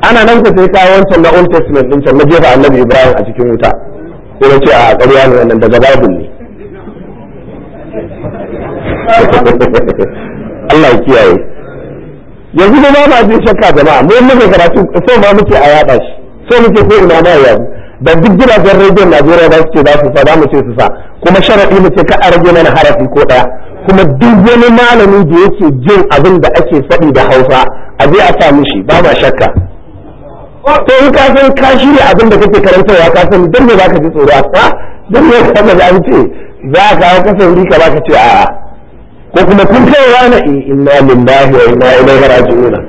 ana nan ka sai kawo wancan na old testament din can na jefa annabi ibrahim a cikin wuta sai ya ce a ƙarya ne wannan daga babu ne Allah ya kiyaye yanzu ba ma ji shakka jama'a mu muke karatu so ma muke a yada shi so muke ko ina ma yadu da duk gidajen rediyon Najeriya za suke ce za su sa za mu ce su sa kuma sharaɗi mu ce ka a rage mana harafi ko ɗaya kuma duk wani malami da yake jin abin da ake faɗi da Hausa a je a sa mishi ba ma shakka to in ka san ka shirya abin da kake karantarwa ka san dan me za ka ji tsoro a dan me ka ga da ce za ka kawo kasan rika ba ka ce a'a ko kuma kun kai rana eh, inna lillahi wa inna ilaihi raji'un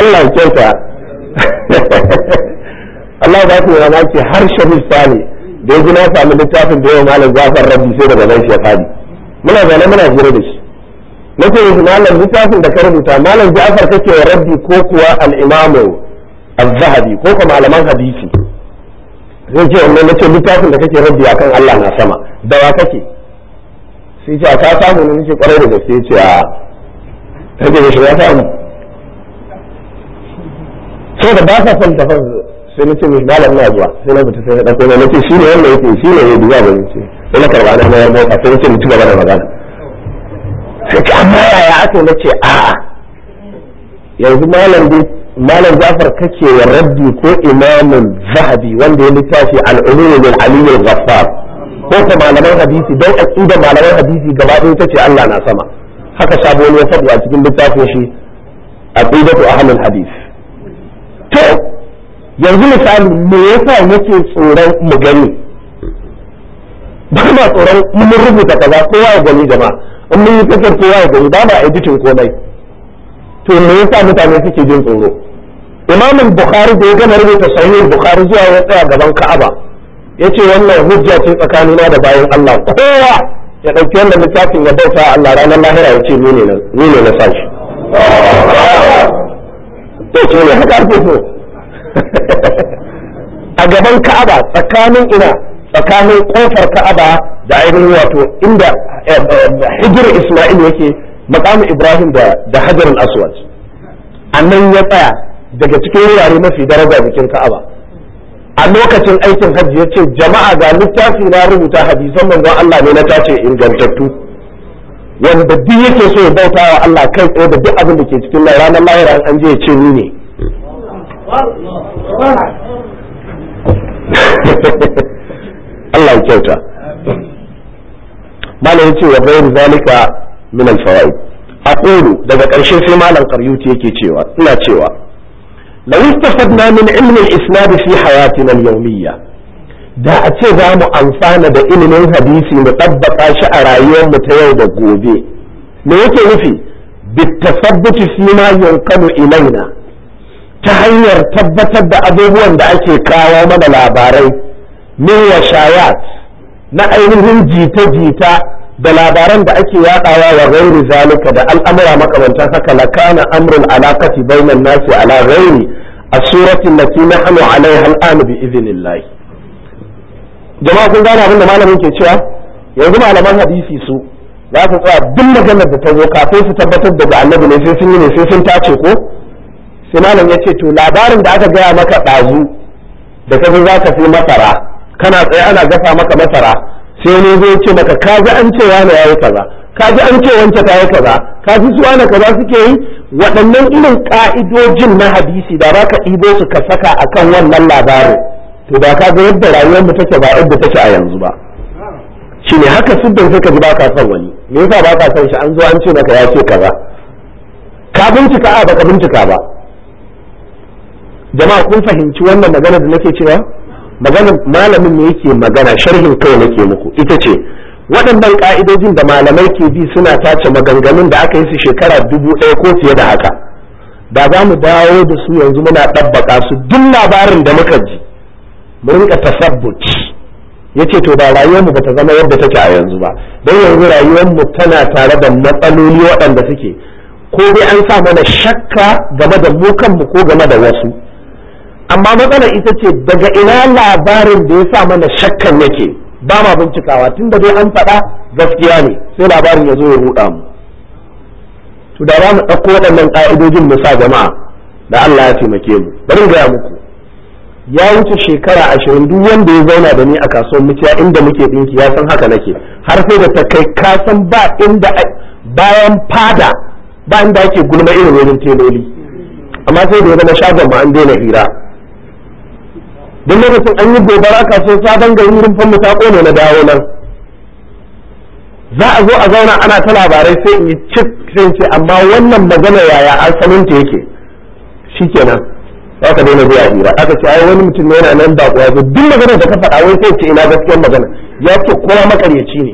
Allah ya kyauta Allah ba ku yana ce har shahid sani da ya na sami littafin da yawan malam zafin rabbi sai daga nan shekari fadi muna zane muna jira da shi ce yi malam littafin da ka rubuta malam jafar kake wa rabbi ko kuwa al zahabi ko kuma malaman hadisi zai ce wannan ce littafin da kake rabbi akan Allah na sama da wa kake sai ce ta samu ne nake kwarai da gaske ce a kake da shi ya samu sai da ba sa son ta fanzu sai na ce mai malam na zuwa sai na fita sai na ɗauko na ce shi ne wanda yake shi ne ya duba bane ce sai na karɓa na mayar mota sai na ce mutu gaba da magana sai ce amma yaya aka na ce a'a yanzu malam dai malam Jafar kake wa raddi ko imamin zahabi wanda ya littafi al'ulumi min aliyyul ghaffar ko ta malaman hadisi don aqida malaman hadisi gaba ɗaya ce Allah na sama haka sabuwar ya faɗi a cikin littafin shi aqidatu ahlul hadis to yanzu misali me yasa nake tsoron mu gani ba tsoron mun rubuta kaza ko ya gani jama'a in mun yi tsakar ko ya gani ba ma editin komai to me yasa mutane suke jin tsoro imamin bukhari da ya gama rubuta sahihul bukhari zuwa ya tsaya gaban ka'aba yace wannan hujja ce tsakanina da bayan Allah kowa ya dauki wannan littafin ya bauta Allah ranar lahira yace ni ne ni ne na sashi a gaban ka'aba tsakanin ina tsakanin kofar ka'aba da ainihin wato inda eh, eh, hijir isma'il yake makamin ibrahim da hajarin aswad a nan ya tsaya daga cikin wurare mafi daraja bikin ka'aba a lokacin aikin hajji ya ce jama'a ga littafi na rubuta hadisan manzon Allah ne na tace ingantattu wanda duk yake so ya bauta wa Allah kai tsaye da duk abin da ke cikin nan ranar lahira an je ya ce ni ne Allah ya kyauta malam yace wa bayan zalika min al-fawaid aqulu daga ƙarshe sai malam qaryuti yake cewa ina cewa law istafadna min ilmi al-isnad fi hayatina al-yawmiyya da a ce za mu amfana da ilimin hadisi mu tabbata shi a rayuwarmu ta yau da gobe me yake nufi bitasabbuti fi ma yunkanu ilaina ta hanyar tabbatar da abubuwan da ake kawo mana labarai min washayat na ainihin jita-jita da labaran da ake yaɗawa wa gairi zalika da al'amura makamanta haka lakana amrul alaqati bainan nasi ala ghairi a suratin lati nahnu alaiha al'an bi idhnillahi jama'a kun gane abin da malamin ke cewa yanzu malaman hadisi su za su tsaya duk maganar da ta zo kafin su tabbatar da annabi ne sai sun yi ne sai sun tace ko sai malam ya ce to labarin da aka gaya maka ɗazu da ka za ka sai masara kana tsaye ana gafa maka masara sai ne zai ce maka ka ji an ce wani ya yi kaza ka ji an ce wancan ta yi kaza ka ji su wani kaza suke yi waɗannan irin ƙa'idojin na hadisi da za ka ɗibo su ka saka akan wannan labarin to ba ka ga yadda rayuwar mu take ba yadda take a yanzu ba ne haka su da ka ji ba ka son wani me yasa ba ka son shi an zo an ce maka ya ce kaza ka bincika a baka bincika ba jama'a kun fahimci wannan magana da nake cewa magana malamin ne yake magana sharhin kai nake muku ita ce waɗannan ƙa'idojin da malamai ke bi suna tace maganganun da aka yi su shekara dubu ɗaya ko fiye da haka Ba za mu dawo da su yanzu muna ɗabbaka su duk labarin da muka ji mu rinka tasabbut yace to ba rayuwar mu bata zama yadda take a yanzu ba dan yanzu rayuwar mu tana tare da matsaloli waɗanda suke ko dai an sa mana shakka game da mu kanmu ko game da wasu amma matsalar ita ce daga ina labarin da ya sa mana shakkan yake ba ma bincikawa tunda dai an faɗa gaskiya ne sai labarin ya zo ya ruɗa mu to da ba mu ɗauko waɗannan ƙa'idojin mu sa jama'a da Allah ya taimake mu bari gaya muku ya wuce shekara ashirin duk wanda ya zauna da ni a kasuwar muciya inda muke ɗinki ya san haka nake har sai da ta kai kasan ba inda bayan fada ba inda ake gulma irin wajen teloli amma sai da ya zama shagon ba an daina hira don lokacin an yi gobara kasuwar sabon gari rumfan mu ta kone na dawo nan za a zo a zauna ana ta labarai sai in yi cik sai ce amma wannan magana yaya asalin ta yake shikenan za ka daina zuwa hira aka ce ai wani mutum ne yana nan ba kuwa zo duk maganar da ka faɗa wai sai ce ina gaskiyar magana ya ce kowa makaryaci ne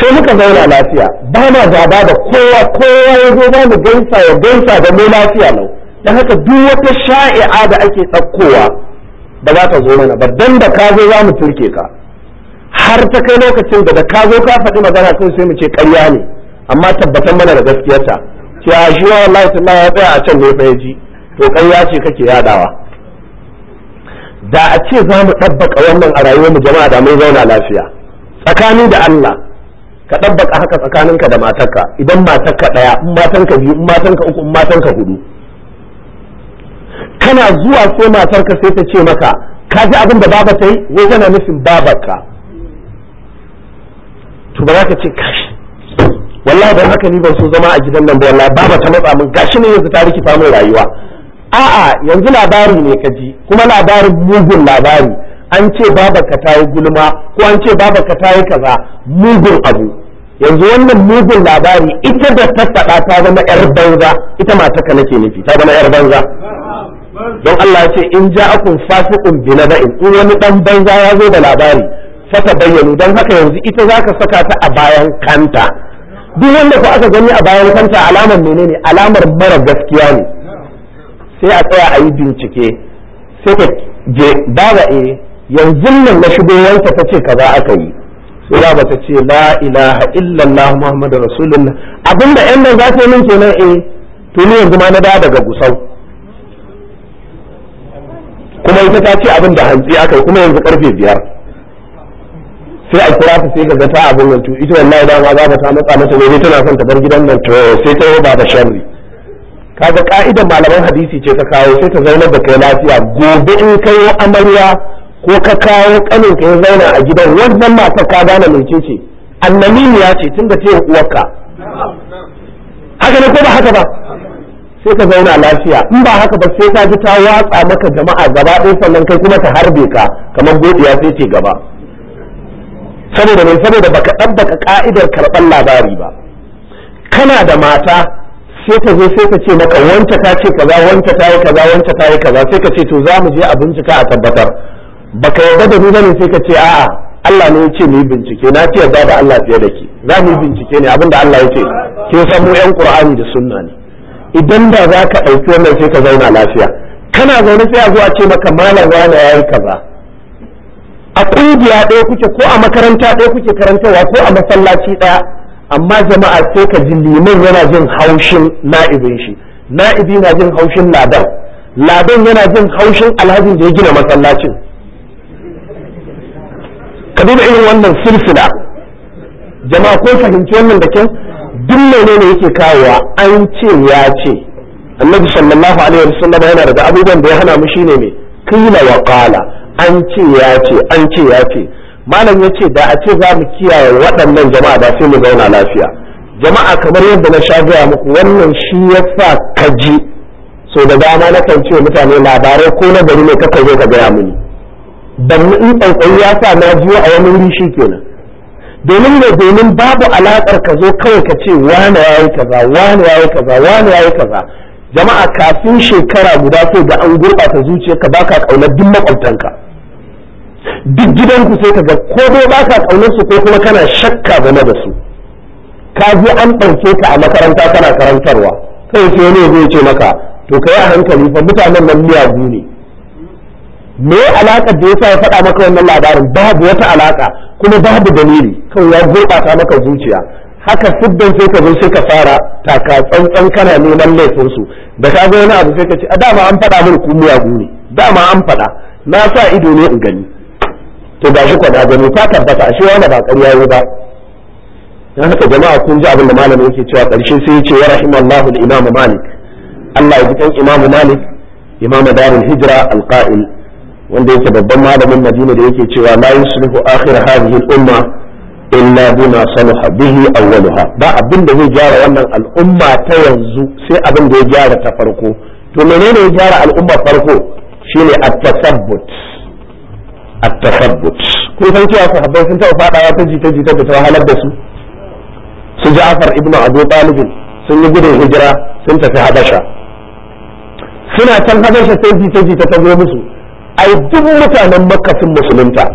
sai muka zauna lafiya ba na gaba da kowa kowa ya zo ba mu gaisa ya gaisa da mu lafiya lau dan haka duk wata sha'i'a da ake ɗaukowa ba za ta zo mana ba dan da ka zo za mu turke ka har ta kai lokacin da da ka zo ka faɗi magana sai mu ce ƙarya ne amma tabbatar mana da gaskiyarta ce a shi wa Allah ta ya tsaya a can ne ya ji to kai ya ce kake yadawa da a ce za mu ɗabbaka wannan a rayuwar mu jama'a da mun zauna lafiya tsakani da Allah ka ɗabbaka haka tsakaninka da matarka idan matarka ɗaya in matanka biyu in matanka uku in matanka hudu kana zuwa sai matarka sai ta ce maka ka ji abin da baba ta yi wai tana nufin babarka to ba za ka ce kashi wallahi ban haka ni ban so zama a gidan nan ba wallahi ba ta matsa min gashi ne yanzu tarihi rikita min rayuwa a'a yanzu labari ne kaji, kuma labarin mugun labari an ce baba ka tayi gulma ko an ce baba ka tayi kaza mugun abu yanzu wannan mugun labari ita da ta faɗa ta zama yar banza ita mataka nake nufi ta zama yar banza don Allah ya ce in ja'akum fasiqun bi naba'in in wani dan banza ya zo da labari fata bayyana don haka yanzu ita zaka saka ta a bayan kanta duk wanda ku aka gani a bayan kanta alamar menene alamar mara gaskiya ne sai a tsaya a yi bincike sai ka je baba e yanzu nan na shigo wanka ta ce kaza aka yi sai baba ta ce la ilaha illallah muhammadu rasulullah abinda yan nan za su yi min kenan eh to ni yanzu ma na da daga gusau kuma ita ta ce abin da hantsi aka yi kuma yanzu karfe biyar sai a kira ta sai ka ga ta abin nan to ita wallahi da ma za ta ta matsa mata ne tana son ta bar gidan nan to sai ta yi ba da sharri kaga ka'idan malaman hadisi ce ta kawo sai ta zauna da kai lafiya gobe in kai amarya ko ka kawo kanin ka ya zauna a gidan wannan mata ka gane mai ce ya ce tun da ce uwarka haka ne ko ba haka ba sai ka zauna lafiya in ba haka ba sai ka ji ta watsa maka jama'a gaba ɗaya sannan kai kuma ta harbe ka kamar godiya sai ce gaba saboda mai saboda baka baka ka'idar karɓar labari ba kana da mata sai ka zo sai ka ce maka wanta ta ce kaza wanta ta yi kaza wanta ta yi kaza sai ka ce to za mu je a bincika a tabbatar baka yarda da ni bane sai ka ce a'a Allah ne ya ce mu yi bincike na ce yarda da Allah fiye da ke za mu yi bincike ne abinda Allah ya ce ke san mu yan Qur'ani da sunna ne idan da za ka ɗauki wannan sai ka zauna lafiya kana zaune sai a zo a ce maka malam wani ya yi kaza a ƙungiya ɗaya kuke ko a makaranta ɗaya kuke karantarwa ko a masallaci ɗaya amma jama'a sai ka ji liman yana jin haushin na'ibin shi na'ibi na jin haushin ladan ladan yana jin haushin alhajin da ya gina masallacin ka duba irin wannan silsila jama'a ko fahimci wannan da kyau duk menene yake kawowa an ce ya ce annabi sallallahu alaihi wasallam yana daga abubuwan da ya hana mu shine ne kila wa qala an ce ya ce an ce ya ce malam ya ce da a ce za mu kiyaye waɗannan jama'a da sai mu zauna lafiya jama'a kamar yadda na sha gaya muku wannan shi ya sa kaji so da dama na kan ce mutane labarai ko na gari ne kakan zo ka gaya mini ban in tsautsayi ya sa na jiyo a wani wuri shi kenan domin ne domin babu alaƙar ka zo kawai ka ce wani ya yi kaza wani ya yi kaza wani ya yi kaza jama'a kafin shekara guda sai da an gurɓata zuciyarka baka ƙaunar duk maƙwabtanka duk gidanku sai ka ga ko dai ba ka kaunar su ko kuma kana shakka game da su ka je an ɗauke ka a makaranta kana karantarwa kai sai ne zai ce maka to kai a hankali fa mutanen nan miyagu ne me alaƙa da yasa ya faɗa maka wannan labarin babu wata alaƙa kuma babu dalili kan ya gurɓata maka zuciya haka fuddan sai ka zo sai ka fara taka tsantsan kana neman laifin su da ka ga wani abu sai ka ce a dama an faɗa min ku miyagu ne dama an faɗa na sa ido ne in gani to ga shi kwada gani ta tabbata a shi wani ba ƙarya yi ba Na haka jama'a kun ji abin da malami yake cewa ƙarshe sai ya ce ya rahimallahu da imam malik Allah ya ji kan imam malik imam darul hijra al-qa'il wanda yake babban malamin madina da yake cewa la yuslihu akhir hadhihi al-umma illa bima salaha bihi awwalaha ba abin da zai gyara wannan al'umma ta yanzu sai abin da ya gyara ta farko to menene ya gyara al'umma farko shine at-tasabbut at-tasabbut cewa sahabbai sun taɓa fadawa ta jita ta wahalar da su su Ja'far ibn Abu Talib sun yi gudun hijira sun tafi Habasha suna can Habasha sai jita jita ta zo musu ai duk mutanen Makka sun musulunta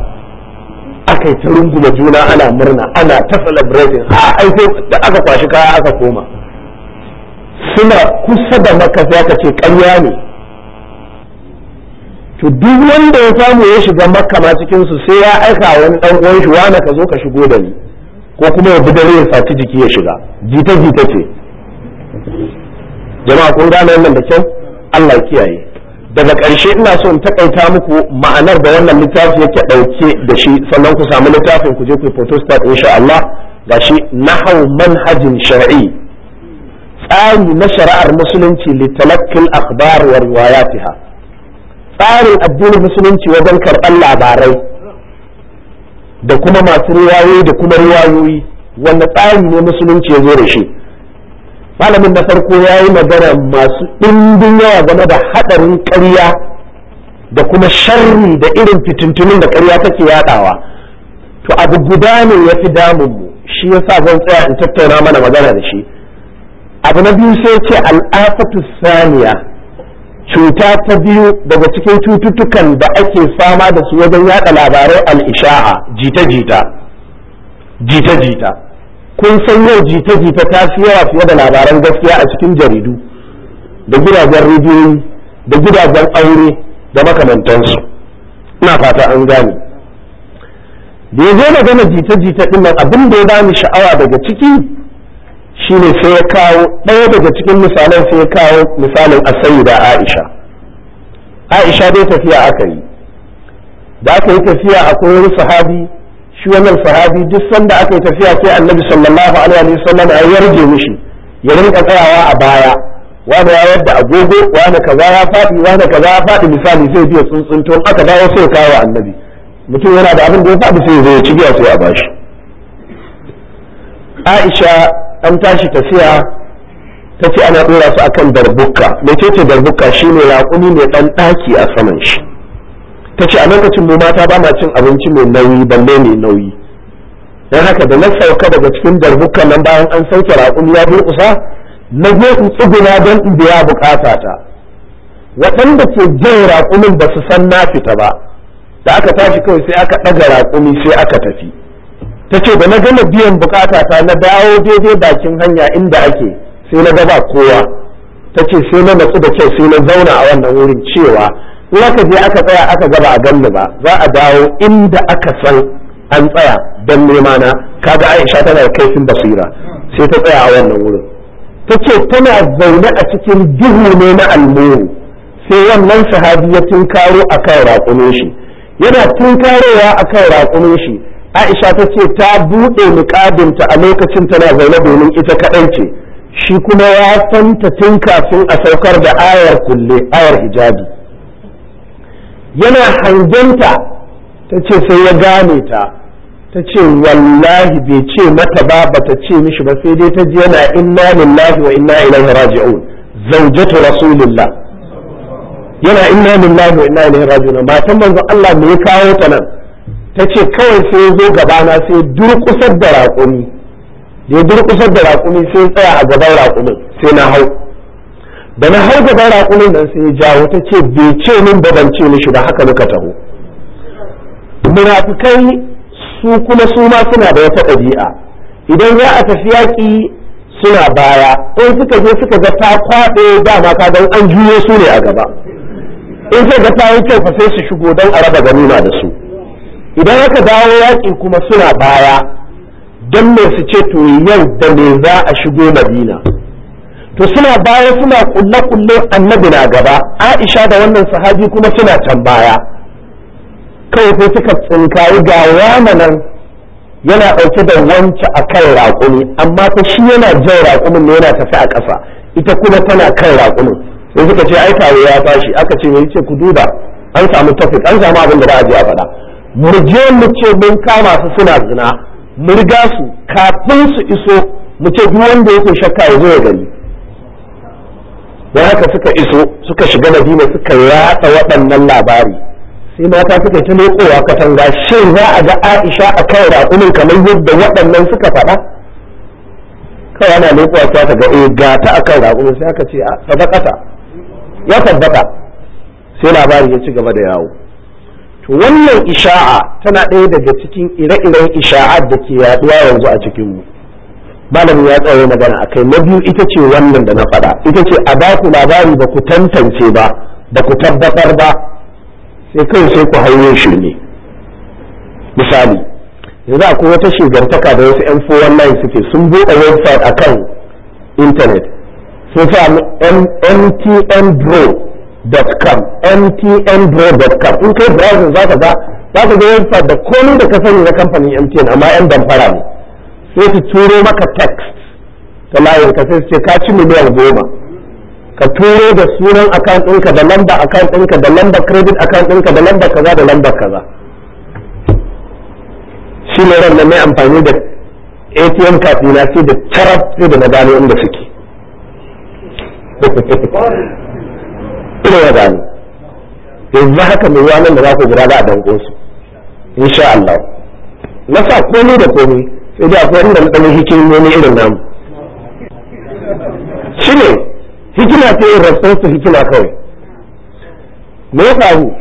aka yi ta runguma juna ana murna ana ta celebrating ha ai da aka kwashi kaya aka koma suna kusa da Makka sai aka ce ne to duk wanda ya samu ya shiga makka ma cikin su sai ya aika wani dan uwan shi wani ka zo ka shigo da ni ko kuma ya bi dare ya saci jiki ya shiga jita jita ce jama'a kun gane wannan da kyau Allah ya kiyaye daga ƙarshe ina so in takaita muku ma'anar da wannan littafi yake ɗauke da shi sannan ku samu littafin ku je ku photostat insha Allah gashi nahau manhajin shar'i tsari na shari'ar musulunci litalakkil akhbar wa riwayatiha tsarin addinin musulunci wajen karɓar labarai da kuma masu riwayoyi da kuma riwayoyi wanda tsari ne musulunci ya zo da shi malamin na farko ya yi magana masu ɗimbin yawa game da haɗarin ƙarya da kuma sharri da irin fitintunin da ƙarya take yaɗawa to abu guda ne ya fi damunmu shi ya sa zan tsaya in tattauna mana magana da shi abu na biyu sai ce al'afatu saniya cuta ta biyu daga cikin cututtukan da ake fama da su wajen yada labarai al'isha'a jita-jita jita-jita kun san yau jita-jita ta fi yawa fiye da labaran gaskiya a cikin jaridu da gidajen rediyoyi da gidajen aure da makamantansu ina fata an gane da ya zo magana jita-jita din nan abin da ya bani sha'awa daga ciki shi ne sai ya kawo ɗaya daga cikin misalan sai ya kawo misalin asayi da aisha aisha dai tafiya aka yi da aka yi tafiya akwai wani sahabi shi wannan sahabi duk sanda aka yi tafiya sai annabi sallallahu alaihi wasallam a yarje mishi ya rinka tsayawa a baya wani ya yadda agogo wani kaza ya faɗi wani kaza ya faɗi misali zai biya tsuntsunto aka dawo sai kawo annabi mutum yana da abin da ya faɗi sai ya ci gaba sai a bashi Aisha an tashi tafiya ta ce ana ɗora su akan darbukka darbuka shi ne raƙumi mai ɗan ɗaki a saman shi ta ce a lokacin mu mata ba ma cin abinci mai nauyi balle mai nauyi don haka da na sauka daga cikin darbuka nan bayan an sauke raƙumi ya durƙusa na je in tsuguna don in biya buƙata ta waɗanda ke jan raƙumin ba su san na fita ba da aka tashi kawai sai aka ɗaga raƙumi sai aka tafi ta ce ba na gama biyan bukata ta na dawo daidai bakin hanya inda ake sai na gaba kowa ta ce sai na matsu da kyau sai na zauna a wannan wurin cewa in aka je aka tsaya aka gaba a ganni ba za a dawo inda aka san an tsaya don nema na kaga aisha tana da kaifin basira sai ta tsaya a wannan wurin ta ce tana zaune a cikin duhu ne na almuru sai wannan sahabi ya tunkaro a kan raƙumin shi yana tunkarowa a kan raƙumin shi aisha ta ce ta buɗe muƙadinta a lokacin tana zaune domin ita kaɗai ce shi kuma ya ta tun kafin a saukar da ayar kulle ayar hijabi yana hangenta ta ce sai ya gane ta ta ce wallahi bai ce mata ba bata ce mishi ba sai dai ta ji yana inna lillahi wa inna ilaihi raji'un zaujatu rasulillah yana inna lillahi wa inna ilaihi raji'un matan manzon Allah me ya kawo ta nan ta ce kawai sai zo gabana sai durkusar da raƙumi da ya durkusar da raƙumi sai tsaya a gaban raƙumin sai na hau da na hau gaban raƙumin nan sai ya jawo ta ce bai ce min ba ban ce mishi ba haka muka taho munafikai su kuma su ma suna da wata ɗabi'a idan za a tafi yaƙi suna baya in suka je suka ga ta kwaɗe dama ka don an juyo su ne a gaba in suka ga ta yi kyau fa sai su shigo don a raba ganima da su idan aka dawo yaƙi kuma suna baya don me su ce to yau da me za a shigo madina to suna baya suna kulle kulle annabi na gaba aisha da wannan sahabi kuma suna can baya kawai sai suka tsinkayi ga wani nan yana ɗauke da wanci a kan raƙumi amma ta shi yana jan raƙumin ne yana tafi a ƙasa ita kuma tana kan raƙumin sai suka ce ai ya tashi aka ce mai ce ku duba an samu tafik an samu abin da za a ji a faɗa mu je mu ce mun kama su suna zina mu riga su kafin su iso mu ce duk wanda yake shakka ya zo ya gani dan haka suka iso suka shiga madina suka yatsa waɗannan labari sai mata suka ta lokowa katanga shin za a ga aisha a kan raƙumin kamar yadda waɗannan suka faɗa kawai ana lokowa ta ta ga eh ga ta akan raƙumin sai aka ce a tabbata ya tabbata sai labari ya ci gaba da yawo wannan isha'a tana ɗaya daga cikin ire-iren isha'a da ke yaduwa yanzu a cikin mu malam ya tsaye magana a kai na biyu ita ce wannan da na faɗa ita ce a baku labari ba ku tantance ba ba ku tabbatar ba sai kai sai ku hanyo shirme misali yanzu akwai wata shugantaka da wasu 'yan 419 suke sun buɗe website akan intanet sun sa mtn bro mtnbro.com mtnbro.com in kai browser za ka ga za ka ga website da komai da ka sani na kamfanin mtn amma yan damfara ne sai ka turo maka text ta layin ka sai ce ka ci miliyan goma ka turo da sunan account ɗinka da lamba account ɗinka da lamba credit account ɗinka da lamba kaza da lamba kaza shi ne ran da mai amfani da atm card na sai da tarab sai da na gano inda suke ina ya gani yanzu haka mai yawa da za ku guda za a danko su insha Allah na sa komai da komai sai da akwai wanda mutane nemi irin namu shi ne hikima ta yi rasansu hikima kawai me ya faru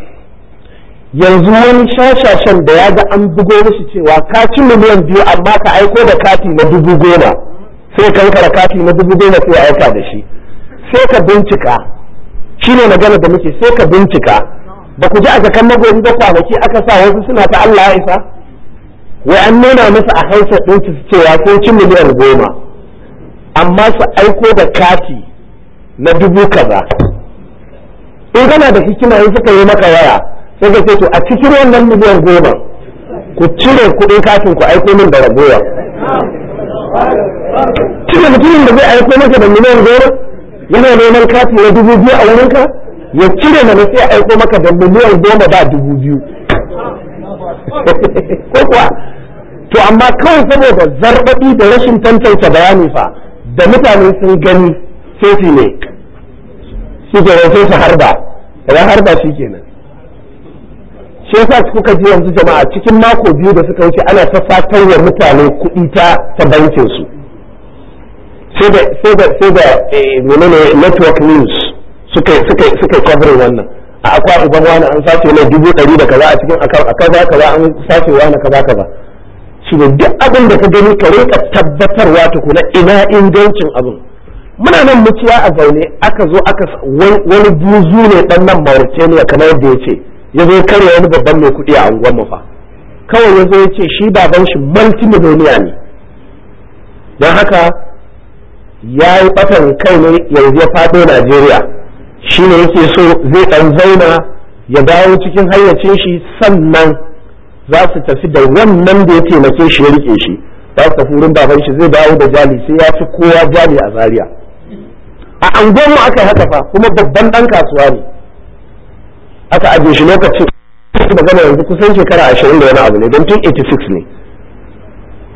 yanzu wani shashashen da ya ga an bugo musu cewa ka ci miliyan biyu amma ka aiko da kati na dubu goma sai kankara kati na dubu goma sai aika da shi sai ka bincika shine magana da muke sai ka bincika ba ku ji a kakan magoyi da kwanaki aka sa wasu suna ta Allah ya isa wai an nuna masa a hausa ɗin su cewa ko cin miliyan goma amma su aiko da kati na dubu kaza in gana da hikima in suka yi maka waya sai ka ce to a cikin wannan miliyan goma ku cire kuɗin katin ku aiko min da ragowa cire mutumin da zai aiko maka da miliyan goma yana neman kati na dubu biyu a wurinka ya cire mana sai aiko maka da miliyan goma ba dubu biyu ko kuwa to amma kawai saboda zarbaɗi da rashin tantance bayani fa da mutane sun gani sai ne su kenan sai su harba ya harba shi kenan shi yasa kuka ji yanzu jama'a cikin mako biyu da suka wuce ana ta fatar wa mutane kuɗi ta ta su sai da sai da eh, menene network news suka suka suka cover wannan a akwa uban wani an sace na dubu ɗari da kaza a cikin a kaza kaza an sace wani kaza kaza shi ne duk abin da ka gani ka rika tabbatarwa tukuna ina ingancin abin muna nan muciya a zaune aka zo aka wani buzu ne dan nan Mauritania kamar ya ce ya zo karya wani babban mai kuɗi a unguwar mu fa kawai ya zo ya ce shi baban shi multimillionaire ne don haka ya yi batan kai ne yanzu ya faɗo najeriya shi ne yake so zai ɗan zauna ya dawo cikin hayyacin shi sannan za su tafi da wannan da ya taimake shi ya rike shi za su tafi wurin baban shi zai dawo da jali sai ya fi kowa jali a zaria a mu aka haka fa kuma babban ɗan kasuwa ne aka ajiye shi lokacin magana yanzu kusan shekara ashirin da wani abu ne don tun 86 ne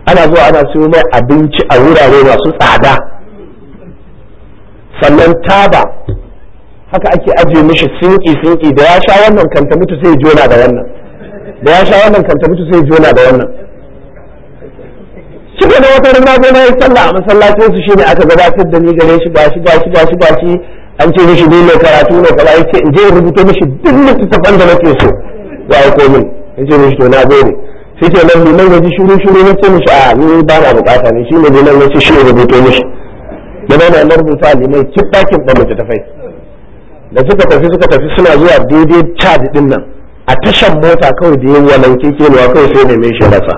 ana zuwa ana siyo mai abinci a wurare masu tsada sannan taba haka ake ajiye mishi sinki sinki da ya sha wannan kanta mutu sai jona da wannan da ya sha wannan kanta mutu sai jona da wannan cikin da wata rana gona ya sallah a masallacin su shine aka gabatar da ni gare shi gashi gashi gashi gashi an ce mishi ne mai karatu ne kaza yace in je in rubuto mishi duk littattafan da nake so ya aiko min in ce mishi to na gode sai ke nan ne nan ji shiru shiru na ce mishi a ni ba na bukata ne shi ne nan ya ce shi rubuto mishi ya na ya a limai cik ɗakin ɗan littattafai da suka tafi suka tafi suna zuwa daidai chad din nan a tashan mota kawai da yin walanki ke nawa kawai sai ne mai shi rasa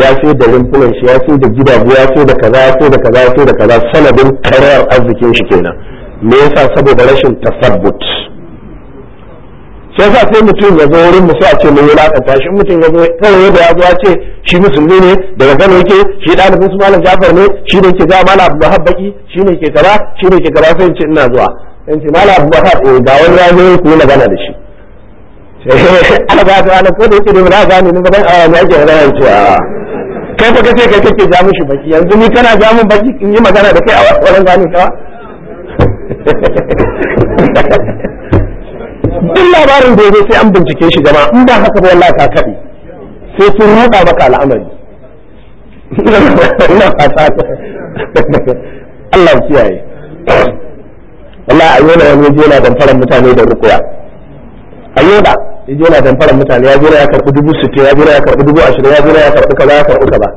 ya sai da rumfunan shi ya sai da gidagu ya sai da kaza ya sai da kaza ya sai da kaza sanadin karyar arzikin shi kenan me yasa saboda rashin tasabbut sai sa sai mutum ya zo wurin musu a ce mun wulakanta shi mutum ya zo kawai yadda ya zo ce shi musulmi ne daga Kano yake shi ɗalibin su malam Jafar ne shi ne ke zama malam abubuwa Habbaki shi ne ke kara shi ne ke kara sai ce ina zuwa in ce malam abubuwa Bakar eh, ɗaya ga wani ya zo ku magana da shi ana ba ta ana ko da yake ne ba za ni ba dan a ne ake rayan ce a kai fa kace kai kake ja shi baki yanzu ni kana ja mun baki in yi magana da kai a wannan gani kawa duk labarin da yazo sai an bincike shi gama in ba haka ba wallahi ka kaɗe sai sun ruɗa maka al'amari ina fata Allah kiyaye wallahi na yanzu je yana damfaran mutane da rukuya ayo ya je yana damfaran mutane ya jira ya karɓi dubu 60 ya jira ya karɓi dubu ashirin ya jira ya karɓi kaza ya karɓi kaza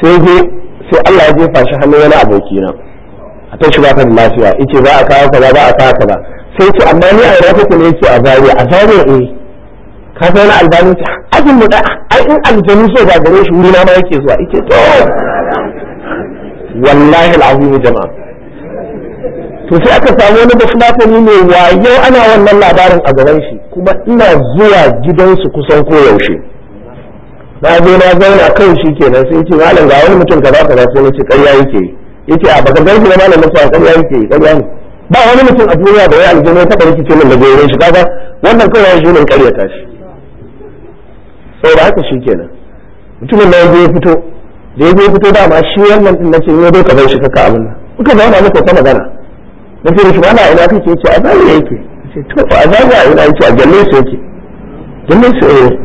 sai je sai Allah ya jefa shi hannu wani abokina a ta shiga kan lafiya yace za a kawo kaza za a kawo kaza sai ce amma ni a ina kake ne yake a zariya a zariya ne. Eh. ka san na albani ce abin mu da ai in aljanu so ba gare shi wuri na ma yake zuwa yake to wallahi alazim jama'a to sai aka samu wani bafulatani ne wayo ana wannan labarin a gaban shi kuma ina zuwa gidansu kusan koyaushe na zo na zauna kan shi kenan sai ce malam ga wani mutum kaza kaza sai na ce ƙarya yake yake a baka zargi na malam na fa ƙarya yake ƙarya ne ba wani mutum a duniya da ya aljanna ya taɓa rikice nan da goyon shi kaga wannan kawai shi ne ta shi da haka shi kenan mutumin da ya ya fito da ya ya fito dama shi wannan din ce ne dai ka bar shi kaka abin nan muka zauna muka ta magana na ce shi a ina kake ce a zalla yake ce to a ina yake a jalle su yake jalle su eh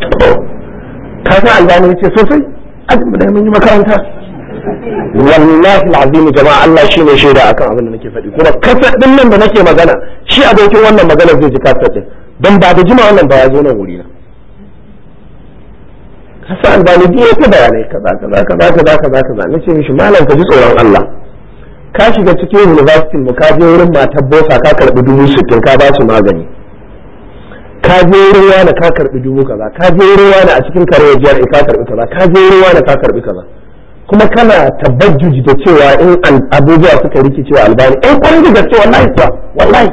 ka san Allah ne yace sosai azumi da mun yi makaranta wallahi alazim jama'a Allah shine shaida akan abin da nake faɗi kuma kasar din nan da nake magana shi a dokin wannan magana zai ji kasar din don ba da jima'a wannan ba ya zo nan wuri na kasa albani biyu ta bayanai kaza kaza kaza kaza kaza kaza nace mishi malam ka ji tsoron Allah ka shiga cikin university mu ka je wurin matar bosa ka karbi dubu sittin ka ba su magani ka je wurin na ka karbi dubu kaza ka je wurin na a cikin kare jiyar ka karbi kaza ka je wurin na ka karbi kaza kuma kana tabajjuji da cewa in abubuwa suka cewa albani in kwan da gaske wallahi kuwa wallahi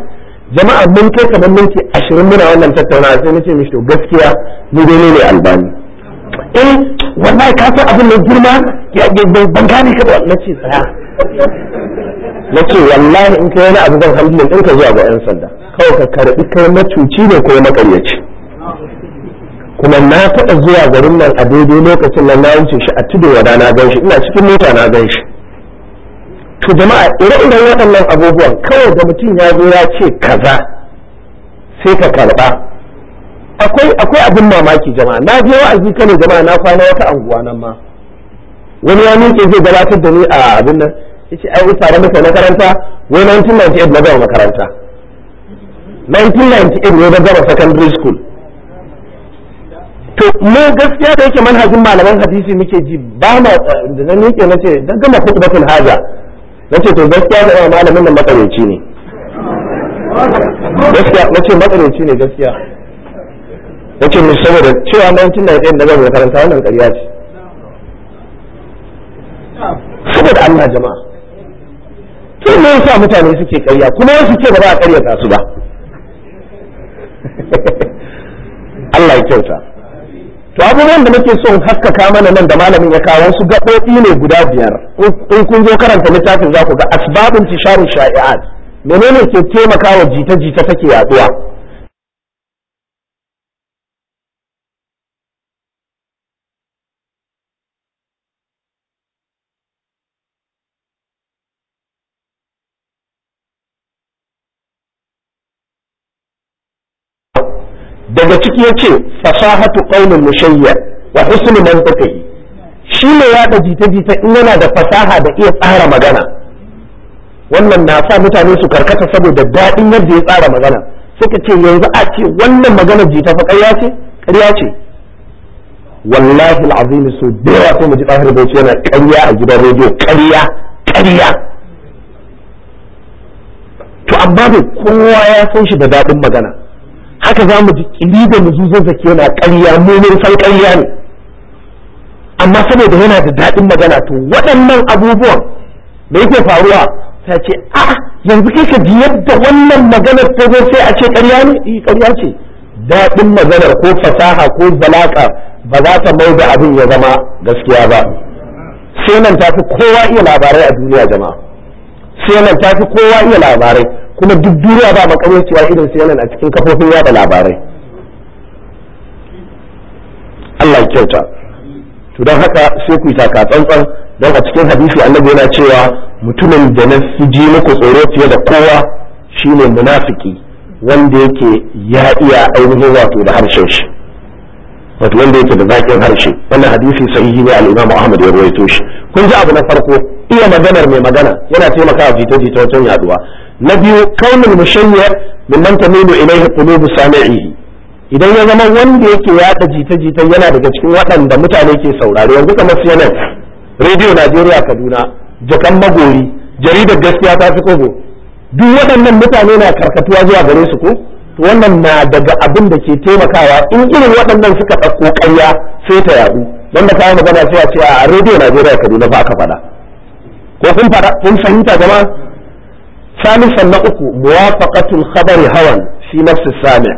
jama'a mun kai kamar minti ashirin muna wannan tattaunawa sai na ce mishi to gaskiya ni dai ne albani eh wallahi ka san abin mai girma ya ban gane ka ba na ce tsaya na ce wallahi in kai wani abu zan hamdulillah in ka zuwa ga yan sanda kawai ka karbi kai macuci ne ko makaryaci kuma na taɓa zuwa garin nan a daidai lokacin nan na wuce shi a wada na gan shi ina cikin mota na gan shi to jama'a ire-iren waɗannan abubuwan kawai da mutum ya zo ya ce kaza sai ka karɓa akwai akwai abin mamaki jama'a na je wa'azi kano jama'a na kwana wata anguwa nan ma wani ya miƙe zai gabatar da ni a abin nan yace ai ita tare muka makaranta wai 1998 na gama makaranta 1998 ne na gama secondary school to mu gaskiya da yake manhajin malaman hadisi muke ji ba ma eh, da nan yake nace dan gama khutbatul haja nace to gaskiya da eh, malamin nan matsalaci ne gaskiya nace matsalaci ne gaskiya nace mu saboda cewa nan tun da yake da zan karanta wannan ƙarya ce saboda Allah jama'a to me sa mutane suke ƙarya kuma wasu ce ba za a ƙaryata su ba Allah ya kyauta to abubuwan da muke son haskaka mana nan da malamin ya kawo su gaɓoɓi ne guda biyar in kun zo karanta littafin za ku ga asbabin tisharin sha'i'at menene ke taimakawa jita-jita take yaduwa daga ciki yace fasahatu qaulin mushayya wa husnu mantiqi shi ne da jita-jita in yana da fasaha da iya tsara magana wannan na sa mutane su karkata saboda daɗin yadda ya tsara magana suka ce yanzu a ce wannan magana jita fa ƙarya ce ƙarya ce wallahi al'azim su da yawa sai mu ji tsahar bauchi yana ƙarya a gidan rediyo ƙarya ƙarya to amma bai kowa ya san shi da daɗin magana haka za mu ji kili da muzuzin zake yana ƙarya mumin san ƙarya ne amma saboda yana da daɗin magana to waɗannan abubuwan da yake faruwa ta ce a yanzu kai ka ji yadda wannan maganar ta zo sai a ce ƙarya ne eh, ƙarya ce daɗin maganar ko fasaha ko balaƙa ba za ta mai da abin ya zama gaskiya ba sai nan ta kowa iya labarai a duniya jama'a sai nan ta kowa iya labarai kuma duk duniya ba makamancewa irin su yana a cikin kafofin yada labarai Allah kyauta to don haka sai ku yi taka tsantsan don a cikin hadisi annabi yana cewa mutumin da na fi ji muku tsoro fiye da kowa shine munafiki wanda yake ya iya ainihin wato da harshen shi wato wanda yake da zakin harshe wannan hadisi sahihi ne al-Imam Ahmad ya rawaito shi kun ji abu na farko iya maganar mai magana yana taimakawa jita-jita wajen yaduwa na biyu kaunin mushayyar mimman tamilu ilaihi qulubu idan ya zama wanda yake yada jita-jita yana daga cikin waɗanda mutane ke saurare yanzu kamar CNN Radio Najeriya Kaduna jakan magori jaridar gaskiya ta fi kogo duk waɗannan mutane na karkatuwa zuwa gare su ko wannan na daga abin da ke taimakawa in irin waɗannan suka ɗauko ƙarya sai ta yaɗu don da kayan magana sai a ce a rediyo Najeriya Kaduna ba ka faɗa ko kun faɗa kun fahimta jama'a ثالثا نقول موافقة الخبر هوى في نفس السامع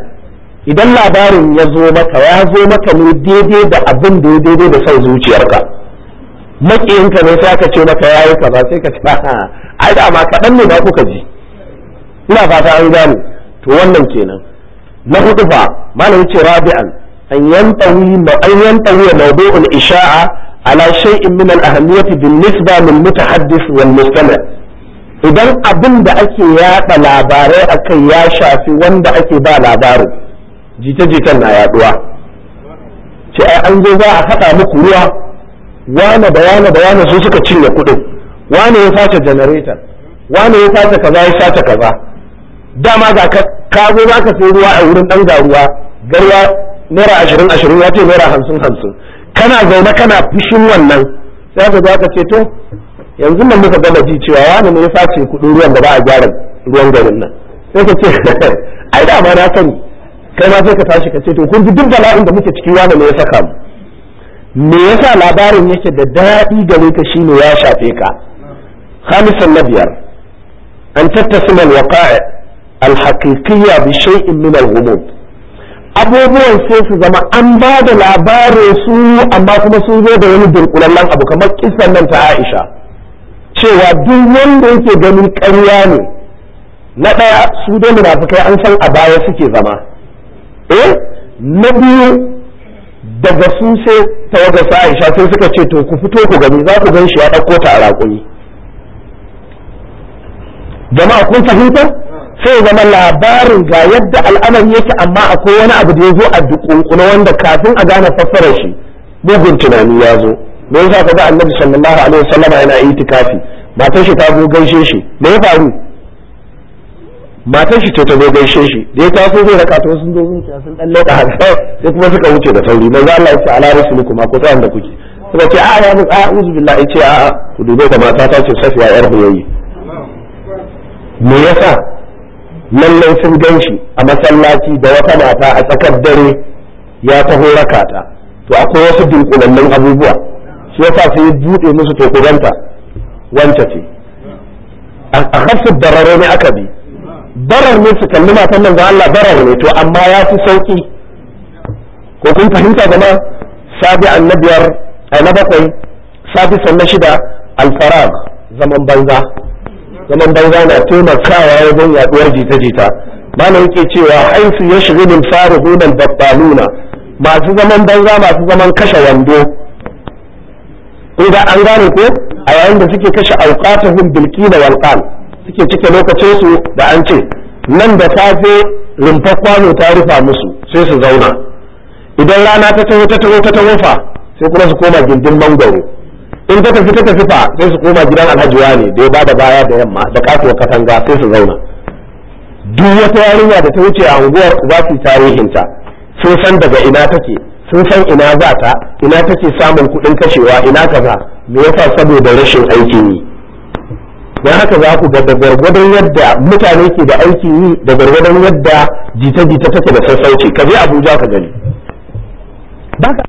idan labarin ya zo maka ya zo maka ne daidai da abin da ya daidai da son zuciyarka makiyinka ne sai aka ce maka ya yi kaza sai ka ce ai da ma kaɗan ne ba kuka ji ina fata an gane to wannan kenan na hudu fa malamin ce rabi'an an yantawi an yantawi mawdu'ul isha'a ala shay'in min al-ahamiyati bin nisba min mutahaddis wal mustami' idan abin da ake yaɗa labarai a kai ya shafi wanda ake ba labarin jita-jitan na yaɗuwa ce an zo za a haɗa muku ruwa wane da wane da wane su suka cinye kuɗin wane ya sace janareta. wane ya sace kaza ya sace kaza dama ga ka zo za ka sai ruwa a wurin ɗan garuwa garwa naira ashirin ashirin ya ce naira hamsin hamsin kana zaune kana fushin wannan sai ka zo ka ce to yanzu nan muka gama ji cewa wani ne ya sace kudin ruwan da ba a gyara ruwan garin nan sai ka ce ai da ma na sani kai ma sai ka tashi ka ce to kun ji duk bala'in da muke ciki wani ne ya saka mu me yasa labarin yake da daɗi gare ka shine ya shafe ka khamisan na biyar an tattasima alwaqa'i alhaqiqiyya bi shay'in min alghumum abubuwan sai su zama an ba da labarin su amma kuma sun zo da wani dunkulallen abu kamar kisan nan ta Aisha cewa duk wanda yake ganin ƙarya ne na ɗaya su dai munafukai an san a baya suke zama eh na biyu daga su sai sa aisha sai suka ce to ku fito ku gani za ku gan shi ya ɗauko ta a raƙuni jama'a kun fahimta sai zama labarin ga yadda al'amari yake amma akwai wani abu da ya zo a dukunkuna wanda kafin a gane fassarar shi mugun tunani ya zo da yasa ka ga annabi sallallahu alaihi wasallam yana tikafi matar shi ta zo gaishe shi me ya faru matar shi ce ta zo gaishe shi da ya taso zai raka to sun zo zuciya sun dan loka haka sai kuma suka wuce da sauri manzo Allah ya ce ala kuma ko tsayan da kuke suka ce a ya mu uzu billahi ya ce a ku dube da mata ta ce safiya yar huyayi me yasa lallai sun ganshi a masallaci da wata mata a tsakar dare ya taho rakata to akwai wasu dunkulallen abubuwa shi yasa sai buɗe musu to kubanta wancan ce a hafsu dararo ne aka bi barar ne su kalli matan nan ga Allah barar ne to amma ya fi sauki ko kun fahimta zama sabi annabiyar a na bakwai sabi na shida alfarag zaman banza zaman banza na taimakawa wajen yaduwar jita-jita na yake cewa haisu ya shiga min faru hunan babbaluna masu zaman banza masu zaman kashe wando in ga an gane ko a yayin da suke kashe auqatuhum bil qila wal suke cike lokacin su da an ce nan da safe rumfar kwano ta rufa musu sai su zauna idan rana ta taho ta taho ta taho fa sai kuma su koma gindin mangoro in ta tafi ta tafi fa sai su koma gidan alhaji ne da ya bada baya da yamma da kasuwar katanga sai su zauna duk wata yarinya da ta wuce a unguwar za su tarihinta sun san daga ina take sun san ina za ta ina take samun kuɗin kashewa ina kaza me yasa saboda rashin aiki yi dan haka za ku ga da gwargwadon yadda mutane ke da aiki yi da gwargwadon yadda jita-jita take da sassauci ka je abuja ka gani